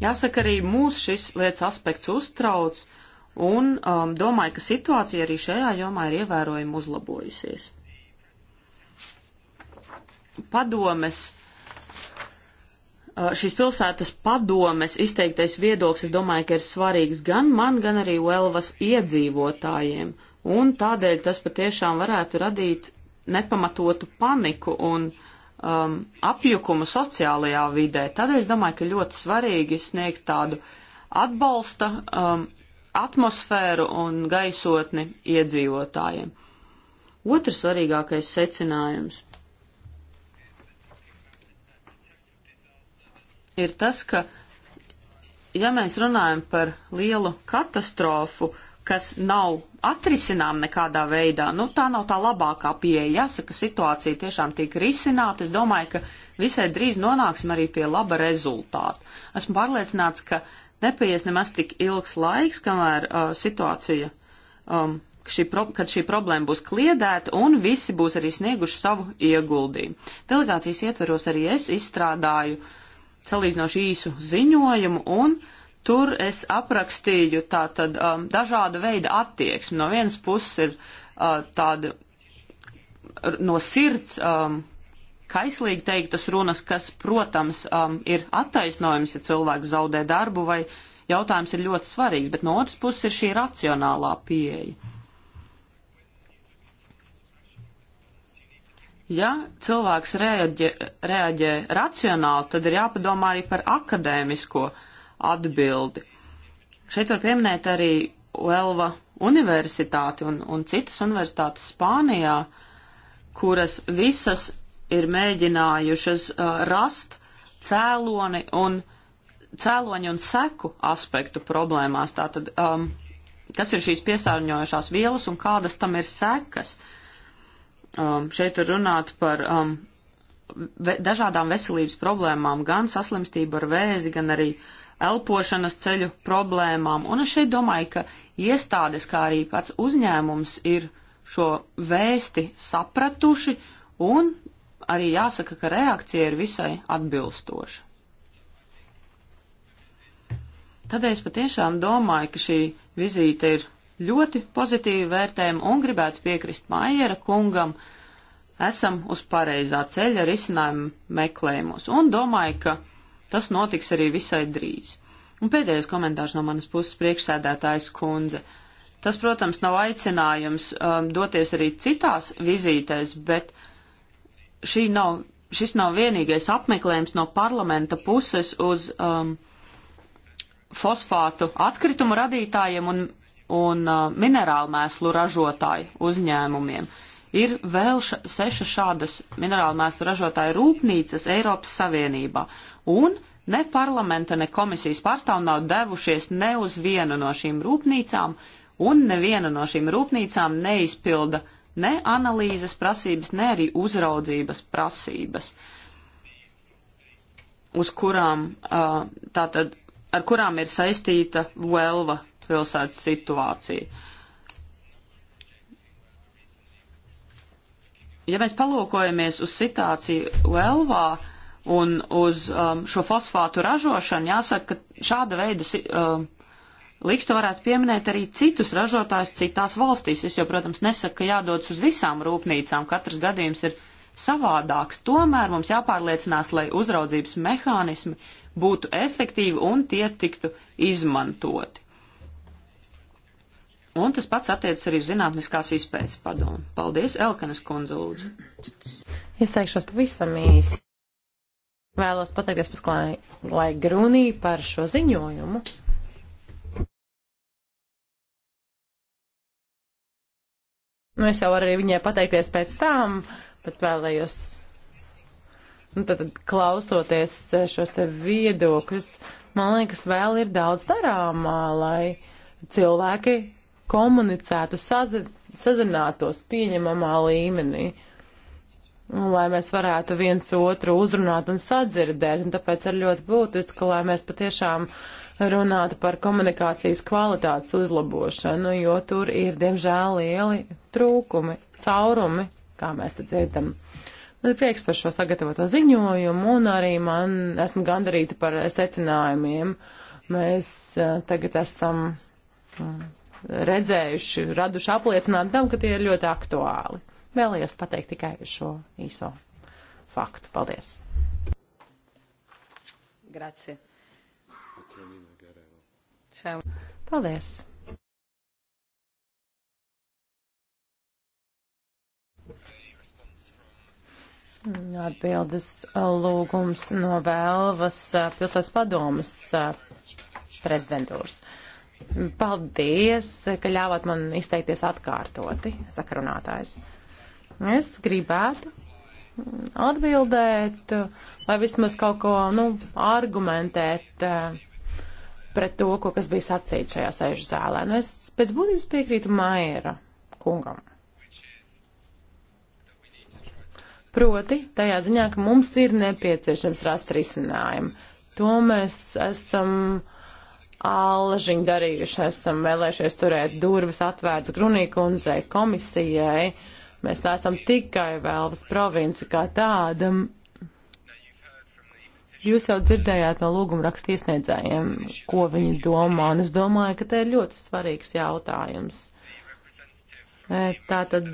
Jāsaka, arī mūs šis lietas aspekts uztrauc un um, domāju, ka situācija arī šajā jomā ir ievērojami uzlabojusies. Padomes, uh, šīs pilsētas padomes izteiktais viedoklis, es domāju, ka ir svarīgs gan man, gan arī Uelvas iedzīvotājiem. Un tādēļ tas patiešām varētu radīt nepamatotu paniku un um, apjukumu sociālajā vidē. Tādēļ es domāju, ka ļoti svarīgi sniegt tādu atbalsta um, atmosfēru un gaisotni iedzīvotājiem. Otrs svarīgākais secinājums ir tas, ka, ja mēs runājam par lielu katastrofu, kas nav atrisinām nekādā veidā. Nu, tā nav tā labākā pieeja. Jāsaka, situācija tiešām tiek risināta. Es domāju, ka visai drīz nonāksim arī pie laba rezultāta. Esmu pārliecināts, ka nepaies nemaz tik ilgs laiks, kamēr uh, situācija, um, ka šī pro, kad šī problēma būs kliedēta un visi būs arī snieguši savu ieguldījumu. Delegācijas ietveros arī es izstrādāju salīdzinoši īsu ziņojumu un uh, Tur es aprakstīju tātad um, dažādu veidu attieksmi. No vienas puses ir uh, tāda no sirds um, kaislīgi teiktas runas, kas, protams, um, ir attaisnojums, ja cilvēks zaudē darbu vai jautājums ir ļoti svarīgs, bet no otras puses ir šī racionālā pieeja. Ja cilvēks reaģē, reaģē racionāli, tad ir jāpadomā arī par akadēmisko uh, atbildi. Šeit var pieminēt arī Uelva universitāti un, un citas universitātes Spānijā, kuras visas ir mēģinājušas uh, rast cēloni un cēloņu un seku aspektu problēmās. Tātad, um, kas ir šīs piesārņojošās vielas un kādas tam ir sekas? Um, šeit ir runāt par um, ve dažādām veselības problēmām, gan saslimstību ar vēzi, gan arī uh, elpošanas ceļu problēmām. Un es šeit domāju, ka iestādes, kā arī pats uzņēmums ir šo vēsti sapratuši un arī jāsaka, ka reakcija ir visai atbilstoša. Tādēļ es patiešām domāju, ka šī vizīte ir ļoti pozitīva vērtējuma un gribētu piekrist Maiera kungam, esam uz pareizā ceļa risinājumu meklējumos un domāju, ka Tas notiks arī visai drīz. Un pēdējais komentārs no manas puses priekšsēdētājs kundze. Tas, protams, nav aicinājums um, doties arī citās vizītēs, bet šī nav, šis nav vienīgais apmeklējums no parlamenta puses uz um, fosfātu atkritumu radītājiem un, un uh, minerālmēslu ražotāju uzņēmumiem. Uh, ir vēl ša, sešas šādas minerālu mēslu ražotāju rūpnīcas Eiropas Savienībā, un ne parlamenta, ne komisijas pārstāv nav devušies ne uz vienu no šīm rūpnīcām, un neviena no šīm rūpnīcām neizpilda ne analīzes prasības, ne arī uzraudzības prasības, uz kurām, uh, tātad, ar kurām ir saistīta Velva pilsētas situācija. Uh, ja mēs palūkojamies uz situāciju Elvā un uz um, šo fosfātu ražošanu, jāsaka, ka šāda veida um, liksta varētu pieminēt arī citus ražotājus citās valstīs. Es jau, protams, nesaku, ka jādodas uz visām rūpnīcām, katrs gadījums ir savādāks. Tomēr mums jāpārliecinās, lai uzraudzības mehānismi būtu efektīvi un tie tiktu izmantoti. Un tas pats attiecas arī uz zinātniskās izpētes padomu. Paldies, Elkanas kundze, lūdzu. Es teikšos pavisam īsi. Vēlos pateikties pasklai Grunī par šo ziņojumu. Nu, es jau varu arī viņai pateikties pēc tam, bet vēlējos, nu, tad, tad klausoties šos te viedokļus, man liekas, vēl ir daudz darāmā, lai cilvēki komunicētu, sazinātos pieņemamā līmenī, un lai mēs varētu viens otru uzrunāt un sadzirdēt, un tāpēc ir ļoti būtiski, lai mēs patiešām runātu par komunikācijas kvalitātes uzlabošanu, jo tur ir, diemžēl, lieli trūkumi, caurumi, kā mēs te dzirdam. Man ir prieks par šo sagatavoto ziņojumu, un arī man esmu gandarīta par secinājumiem. Mēs eh, tagad esam mm, redzējuši, raduši apliecinājumu tam, ka tie ir ļoti aktuāli. Vēlējos pateikt tikai šo īso faktu. Paldies! Grazie. Čau. Paldies! Atbildes lūgums no Vēlvas pilsētas padomas eh, prezidentūras. Paldies, ka ļāvāt man izteikties atkārtoti, sakarunātājs. Es gribētu atbildēt, vai vismaz kaut ko, nu, argumentēt eh, pret to, ko kas bija sacīts šajā sēžu zālē. Nu, es pēc būtības piekrītu Maira kungam. Proti, tajā ziņā, ka mums ir nepieciešams rast risinājumu. To mēs esam. Um, alžiņu darījuši. Esam vēlējušies turēt durvis atvērts Grunīkundzei komisijai. Mēs neesam tikai Velvas provinci kā tāda. Jūs jau dzirdējāt no lūguma rakstiesniedzējiem, ko viņi domā, un es domāju, ka te ir ļoti svarīgs jautājums. E, tātad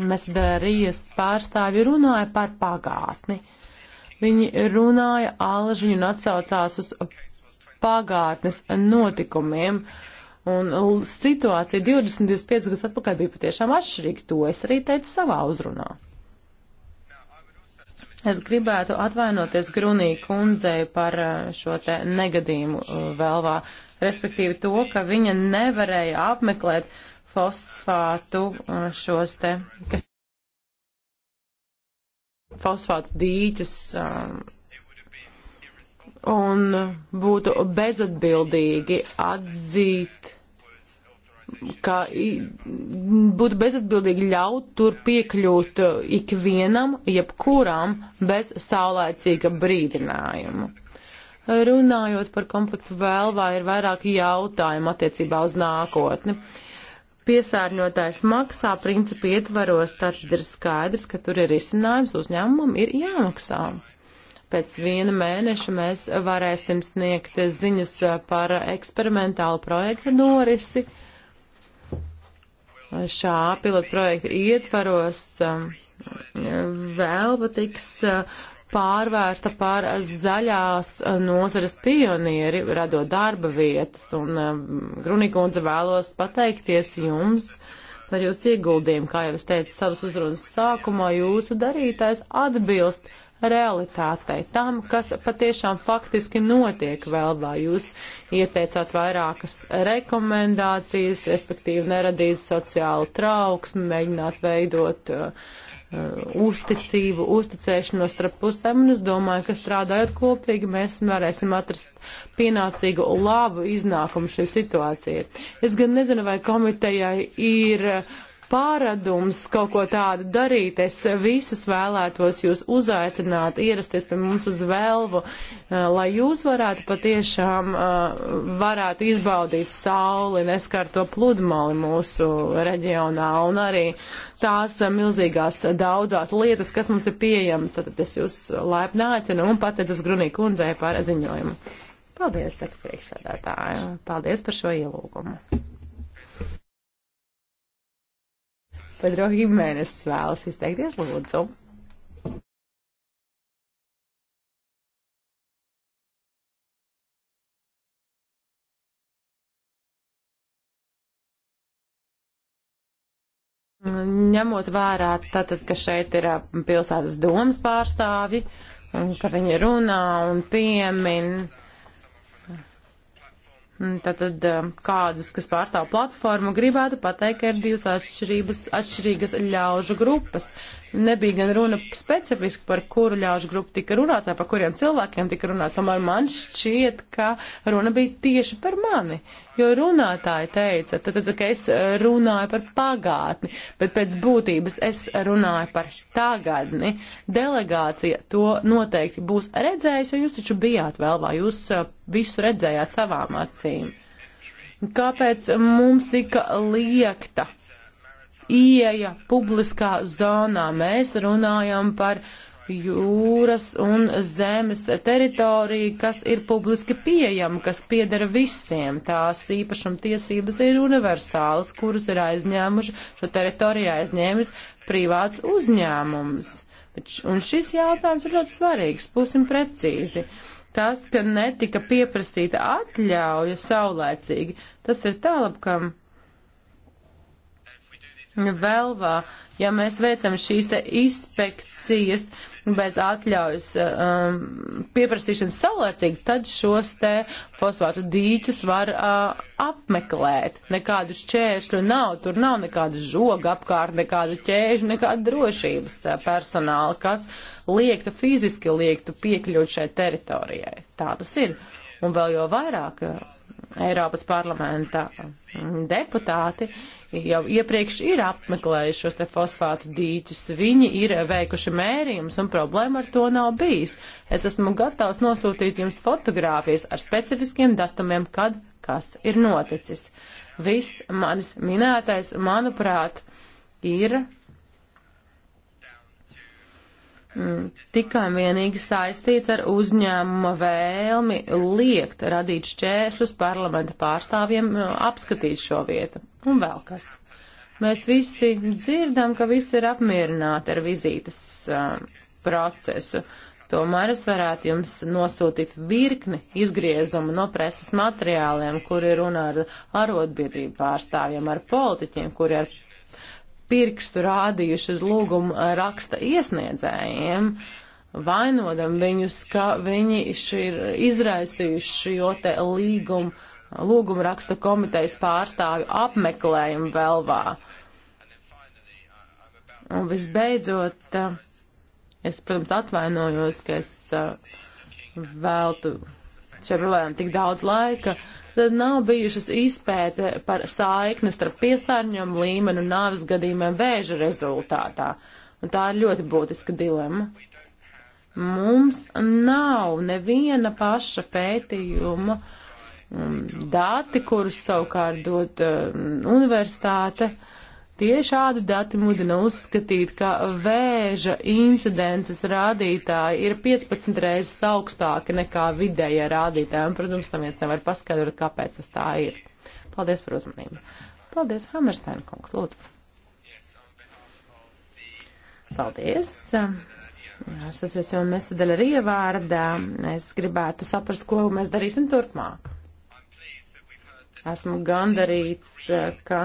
mēs darījas pārstāvi runāja par pagātni. Viņi runāja alžiņu un atsaucās uz pagātnes notikumiem. Un situācija 20, 25 gadus atpakaļ bija patiešām atšķirīga. To es arī teicu savā uzrunā. Es gribētu atvainoties Grunī kundzei par šo te negadījumu vēlvā, respektīvi to, ka viņa nevarēja apmeklēt fosfātu šos te, kas fosfātu dīķus. Um, un būtu bezatbildīgi atzīt, ka būtu bezatbildīgi ļaut tur piekļūt ikvienam, jebkuram, bez saulēcīga brīdinājuma. Runājot par konfliktu vēlvā, ir vairāki jautājumi attiecībā uz nākotni. Piesārņotājs maksā principu ietvaros, tad ir skaidrs, ka tur ir izcinājums uzņēmumam ir jāmaksā. Pēc viena mēneša mēs varēsim sniegt ziņas par eksperimentālu projektu norisi. Šā pilota projekta ietvaros um, vēlba tiks uh, pārvērsta par zaļās uh, nozares pionieri, radot darba vietas. Un um, Grunikundze vēlos pateikties jums par jūsu ieguldījumu. Kā jau es teicu savas uzrunas sākumā, jūsu darītājs atbilst realitātei, tam, kas patiešām faktiski notiek Velvā. Jūs ieteicāt vairākas rekomendācijas, respektīvi neradīt sociālu trauksmi, mēģināt veidot uh, uh, uzticību, uzticēšanos starp pusēm, un es domāju, ka strādājot kopīgi, mēs varēsim atrast pienācīgu labu iznākumu šī situācija. Es gan nezinu, vai komitejai ir pārādums kaut ko tādu darīt. Es visus vēlētos jūs uzaicināt, ierasties pie mums uz velvu, eh, lai jūs varētu patiešām eh, varētu izbaudīt sauli, neskarto pludmali mūsu reģionā un arī tās milzīgās daudzās lietas, kas mums ir pieejamas. Tad es jūs laipni aicinu un pateicos Grunī kundzei par ziņojumu. Paldies, saka priekšsēdētāji. Paldies par šo ielūgumu. Pedro Himēnes vēlas izteikties lūdzu. ņemot vērā tātad, ka šeit ir pilsētas domas pārstāvi, un ka viņi runā un piemin Tātad mm, eh, kādus, kas pārstāv platformu, gribētu pateikt, ka ir divas atšķirības, atšķirīgas ļaužu grupas nebija gan runa specifiski par kuru ļaužu grupu tika runāts vai par kuriem cilvēkiem tika runāts. Tomēr man šķiet, ka runa bija tieši par mani. Jo runātāji teica, tad, tad, ka es runāju par pagātni, bet pēc būtības es runāju par tagadni. Delegācija to noteikti būs redzējusi, jo jūs taču bijāt vēl, vai jūs eh, visu redzējāt savām acīm. Kāpēc mums tika liekta ieja publiskā zonā. Mēs runājam par jūras un zemes teritoriju, kas ir publiski pieejama, kas piedara visiem. Tās īpašumtiesības ir universālas, kuras ir aizņēmuši šo teritoriju aizņēmis privāts uzņēmums. Un šis jautājums ir ļoti svarīgs, būsim precīzi. Tas, ka netika pieprasīta atļauja saulēcīgi, tas ir tālapkam velvā, ja mēs veicam šīs te inspekcijas bez atļaujas um, pieprasīšanas saulēcīgi, tad šos te fosfātu dīķus var uh, apmeklēt. Nekādu šķēršļu nav, tur nav nekādu žogu apkārt, nekādu ķēžu, nekādu drošības uh, personāla, kas liektu fiziski liektu piekļūt šai teritorijai. Tā tas ir. Un vēl jau vairāk uh, Eiropas parlamenta deputāti jau iepriekš ir apmeklējuši šos te fosfātu dīķus. Viņi ir veikuši mērījumus un problēma ar to nav bijis. Es esmu gatavs nosūtīt jums fotogrāfijas ar specifiskiem datumiem, kad kas ir noticis. Viss manis minētais, manuprāt, ir Mm, tikai un vienīgi saistīts ar uzņēmuma vēlmi liekt radīt šķēršļus parlamenta pārstāvjiem mm, apskatīt šo vietu. Un vēl kas. Mēs visi dzirdam, ka visi ir apmierināti ar vizītes uh, procesu. Tomēr es varētu jums nosūtīt virkni izgriezumu no preses materiāliem, kuri runā ar arotbiedrību pārstāvjiem, ar politiķiem, kuri ar pirkstu rādījuši uz lūgumu raksta iesniedzējiem, vainodam viņus, ka viņi ir izraisījuši šo te līgumu, lūgumu raksta komitejas pārstāvju apmeklējumu velvā. Un visbeidzot, es, protams, atvainojos, ka es eh, veltu šiem problēmām tik daudz laika, tad nav bijušas izpēte par saikni starp piesārņojumu līmeni un nāves gadījumiem vēža rezultātā. Un tā ir ļoti būtiska dilema. Mums nav neviena paša pētījuma um, dati, kurus savukārt dod um, universitāte. Uh, Tie šādi dati mudina uzskatīt, ka vēža incidences rādītāji ir 15 reizes augstāki nekā vidējie rādītāji, un, protams, tam viens nevar paskaidrot, kāpēc tas tā ir. Paldies par uzmanību. Paldies, Hammerstein kungs, lūdzu. Paldies. Es esmu jau Mesadela Rievārdā. Es gribētu saprast, ko mēs darīsim turpmāk. Esmu gandarīts, ka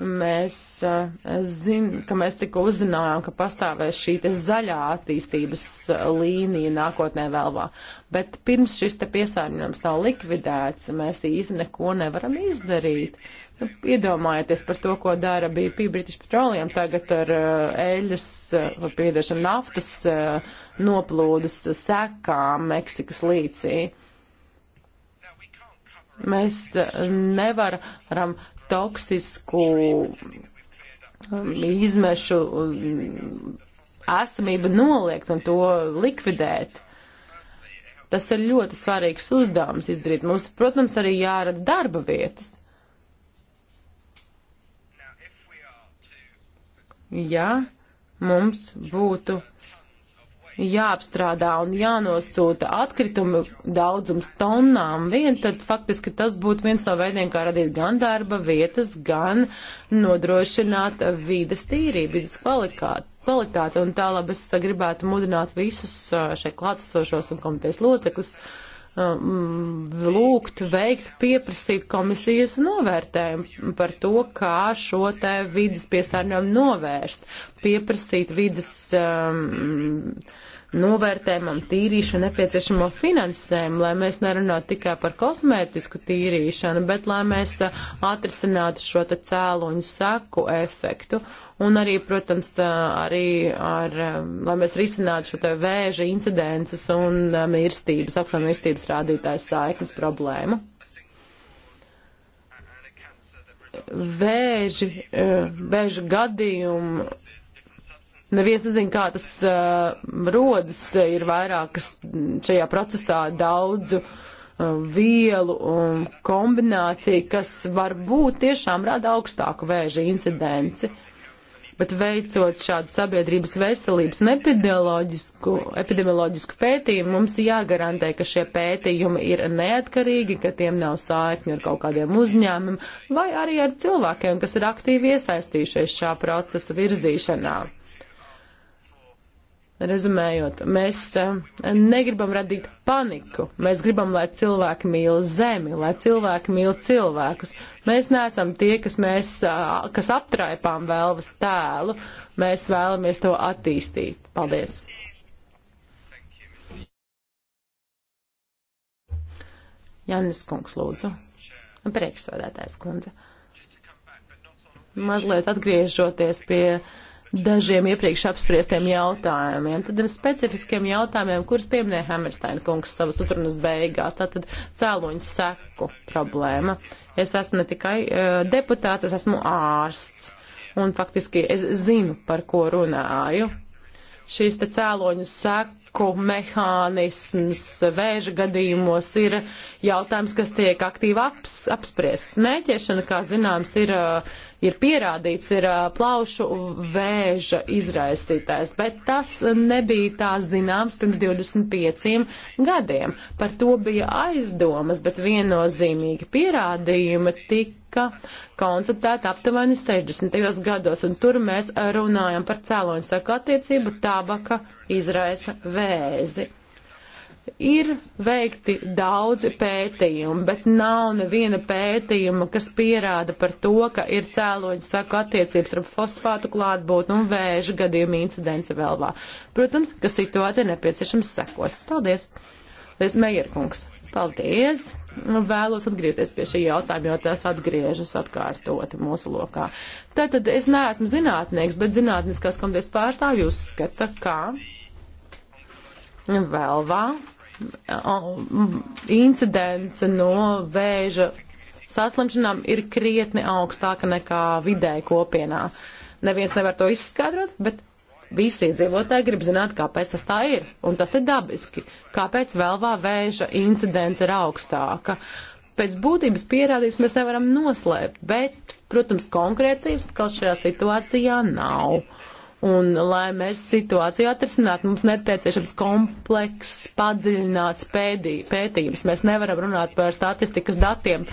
mēs eh, zinām, ka mēs tikko uzzinājām, ka pastāvēs šī zaļā attīstības eh, līnija nākotnē vēl vēl. Bet pirms šis te piesārņojums nav likvidēts, mēs īsti neko nevaram izdarīt. Nu, iedomājieties par to, ko dara BP British Petroleum tagad ar uh, eļas, uh, piedēšana naftas uh, noplūdes sekām Meksikas līcī. Uh, Mēs eh, nevaram toksisku um, izmešu um, esamību noliegt un to likvidēt. Tas ir ļoti svarīgs uzdevums izdarīt. Mums, protams, arī jārada darba vietas. Ja mums būtu uh, jāapstrādā un jānosūta atkritumu daudzums tonnām vien, tad faktiski tas būtu viens no veidiem, kā radīt gan darba vietas, gan nodrošināt vides tīrību, vides kvalitāti. kvalitāti. Un tālāk es gribētu mudināt visus šeit klātesošos un komitejas lotekus uh, um, lūgt, veikt, pieprasīt komisijas novērtējumu par to, kā šo te vidas piesārņojumu novērst, pieprasīt vidas um, novērtējumam, tīrīšanu nepieciešamo finansējumu, lai mēs nerunātu tikai par kosmētisku tīrīšanu, bet lai mēs uh, atrisinātu šo te cēloņu seku efektu Un arī, protams, arī ar, lai mēs risinātu šo te vēža incidences un mirstības, apšām mirstības rādītājs saiknes problēmu. Vēži, vēža gadījumu Neviens nezina, kā tas uh, rodas. Ir vairākas šajā procesā daudzu uh, vielu un kombināciju, kas varbūt tiešām rada augstāku vēža incidenci bet veicot šādu sabiedrības veselības un epidemioloģisku, epidemioloģisku pētījumu, mums jāgarantē, ka šie pētījumi ir neatkarīgi, ka tiem nav sātņu ar kaut kādiem uzņēmumiem vai arī ar cilvēkiem, kas ir aktīvi iesaistījušies šā procesa virzīšanā. Rezumējot, mēs eh, negribam radīt paniku. Mēs gribam, lai cilvēki mīl zemi, lai cilvēki mīl cilvēkus. Mēs neesam tie, kas, mēs, kas aptraipām vēlvas tēlu, mēs vēlamies to attīstīt. Paldies! Jānis Kungs, lūdzu. Priekšsēdētājs kundze. Mazliet atgriežoties pie dažiem iepriekš apspriestiem jautājumiem. Tad ir specifiskiem jautājumiem, kurus pieminēja Hammersteina kungs savas utrunas beigās. Tātad cēloņu seku problēma. Uh, Es esmu ne tikai uh, deputāts, es esmu ārsts. Un faktiski es zinu, par ko runāju. Šīs te cēloņu seku mehānisms vēža gadījumos ir jautājums, kas tiek aktīvi aps, apspriests. Smēķēšana, kā zināms, ir uh, ir pierādīts, ir plaušu vēža izraisītājs, bet tas nebija tā zināms pirms 25 gadiem. Par to bija aizdomas, bet viennozīmīgi pierādījumi tika konstatēti aptuveni 60. gados, un tur mēs runājam par cēloņu saka attiecību, tabaka izraisa vēzi. Ir veikti daudzi pētījumi, bet nav neviena pētījuma, kas pierāda par to, ka ir cēloņu saku attiecības ar fosfātu klātbūtni un vēža gadījumu incidenci vēlvā. Protams, ka situācija nepieciešams sekot. Paldies! Lies Meierkungs, paldies! Nu, vēlos atgriezties pie šī jautājuma, jo tas atgriežas atkārtoti mūsu lokā. Tātad es neesmu zinātnieks, bet zinātniskās komitejas pārstāvjus skata, kā. Ka Velvā incidence no vēža saslimšanām ir krietni augstāka nekā vidēji kopienā. Neviens nevar to izskaidrot, bet visi iedzīvotāji grib zināt, kāpēc tas tā ir. Un tas ir dabiski. Kāpēc Velvā vēža incidence ir augstāka? Pēc būtības pierādījums mēs nevaram noslēpt, bet, protams, konkrētības atkal šajā situācijā nav. Un, lai mēs situāciju atrisinātu, mums nepieciešams komplekss, padziļināts pēdī, pētījums. Mēs nevaram runāt par statistikas datiem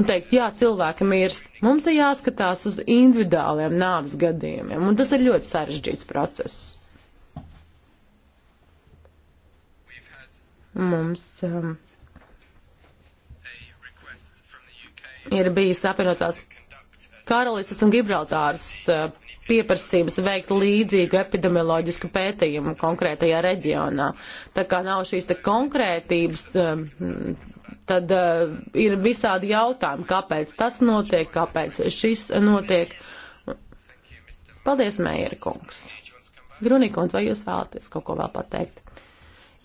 un teikt, jā, cilvēki mirst. Mums ir jāskatās uz individuāliem nāves gadījumiem, un tas ir ļoti sarežģīts process. Mums um, ir bijis apvienotās karalistas un Gibraltāras uh, pieprasības veikt līdzīgu epidemioloģisku pētījumu konkrētajā reģionā. Tā kā nav šīs te konkrētības, um, tad uh, ir visādi jautājumi, kāpēc tas notiek, kāpēc šis notiek. Paldies, Meijer kungs. Grunikundze, vai jūs vēlaties kaut ko vēl pateikt?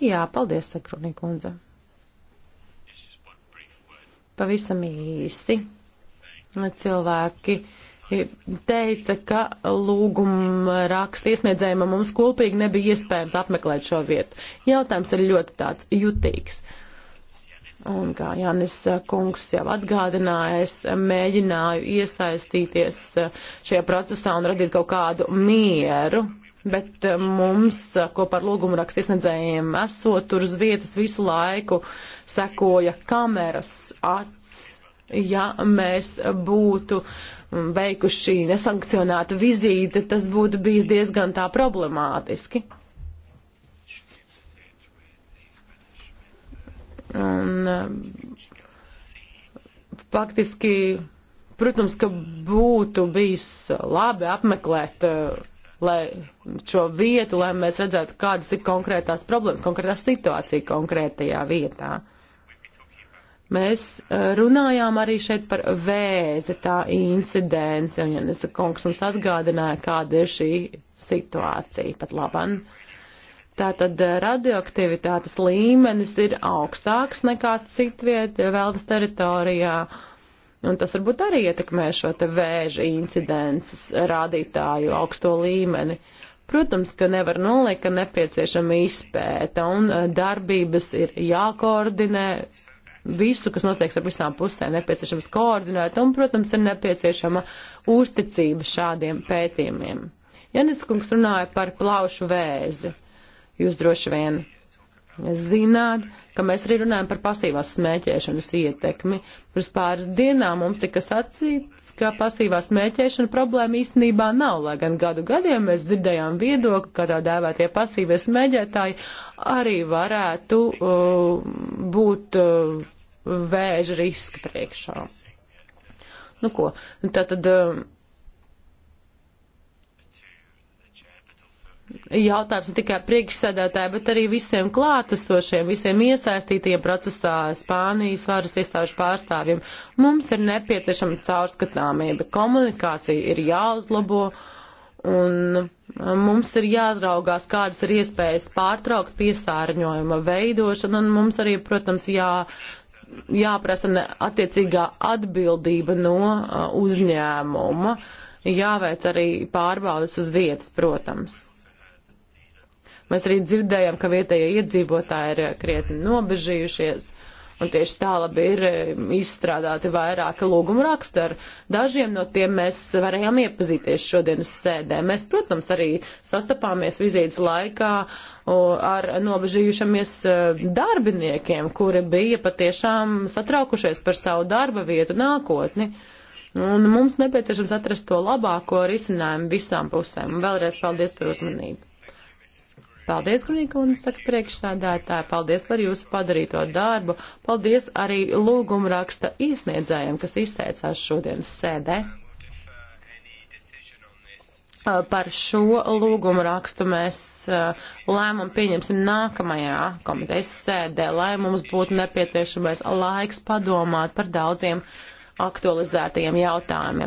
Jā, paldies, saka Grunikundze. Pavisam īsi. Cilvēki teica, ka lūguma raksta iesniedzējuma mums kopīgi nebija iespējams apmeklēt šo vietu. Jautājums ir ļoti tāds jutīgs. Un kā Jānis Kungs jau atgādināja, es mēģināju iesaistīties šajā procesā un radīt kaut kādu mieru, bet mums, kopā ar lūgumu rakstu iesniedzējiem, esot tur uz vietas visu laiku, sekoja kameras acis. Ja mēs būtu veikuši nesankcionētu vizīti, tas būtu bijis diezgan tā problemātiski. Un, um, faktiski, protams, ka būtu bijis labi apmeklēt uh, lai šo vietu, lai mēs redzētu, kādas ir konkrētās problēmas, konkrētā situācija konkrētajā vietā. Uh, Mēs eh, runājām arī šeit par vēzi, tā incidenci, un Janis Kungs mums atgādināja, kāda ir šī situācija pat laban. Tātad eh, radioaktivitātes līmenis ir augstāks nekā citviet veldas teritorijā, un tas varbūt arī ietekmē šo te vēža incidences rādītāju augsto līmeni. Protams, ka nevar nolikt, ka nepieciešama izpēta un eh, darbības ir jākoordinē, visu, kas notiek ar visām pusēm, nepieciešams koordinēt un, protams, ir nepieciešama uzticība šādiem pētījumiem. Janis Kungs runāja par plaušu vēzi. Jūs droši vien zināt, ka mēs arī runājam par pasīvās smēķēšanas ietekmi. Pirms pāris dienām mums tika sacīts, ka pasīvā smēķēšana problēma īstenībā nav, lai gan gadu gadiem mēs dzirdējām viedokli, ka tā dēvētie pasīvie smēķētāji arī varētu uh, būt uh, vēža riska priekšā. Nu ko, tātad um, jautājums ne tikai priekšsēdētāji, bet arī visiem klātesošiem, visiem iesaistītiem procesā, Spānijas varas iestāžu pārstāvjiem. Mums ir nepieciešama caurskatāmība, komunikācija ir jāuzlabo. Un um, mums ir jāizraugās, kādas ir iespējas pārtraukt piesārņojuma veidošanu, un mums arī, protams, jā, uh, jāprasa attiecīgā atbildība no uh, uzņēmuma, jāveic arī pārbaudas uz vietas, protams. Mēs arī dzirdējām, ka vietējie iedzīvotāji ir krietni nobežījušies Un tieši tālāk ir e, izstrādāti vairāki lūguma raksti. Ar dažiem no tiem mēs varējām iepazīties šodienas sēdē. Mēs, protams, arī sastapāmies vizītes laikā ar nobežījušamies e, darbiniekiem, kuri bija patiešām satraukušies par savu darba vietu nākotni. Un mums nepieciešams atrast to labāko risinājumu visām pusēm. Un vēlreiz paldies par uzmanību. Paldies, Grunīkundze, saka priekšsādātāji, paldies par jūsu padarīto darbu, paldies arī lūguma raksta iesniedzējiem, kas izteicās šodienas sēdē. Uh, par šo lūgumu rakstu mēs uh, lēmumu pieņemsim nākamajā komitejas sēdē, lai mums būtu nepieciešamais laiks padomāt par daudziem aktualizētajiem jautājumiem.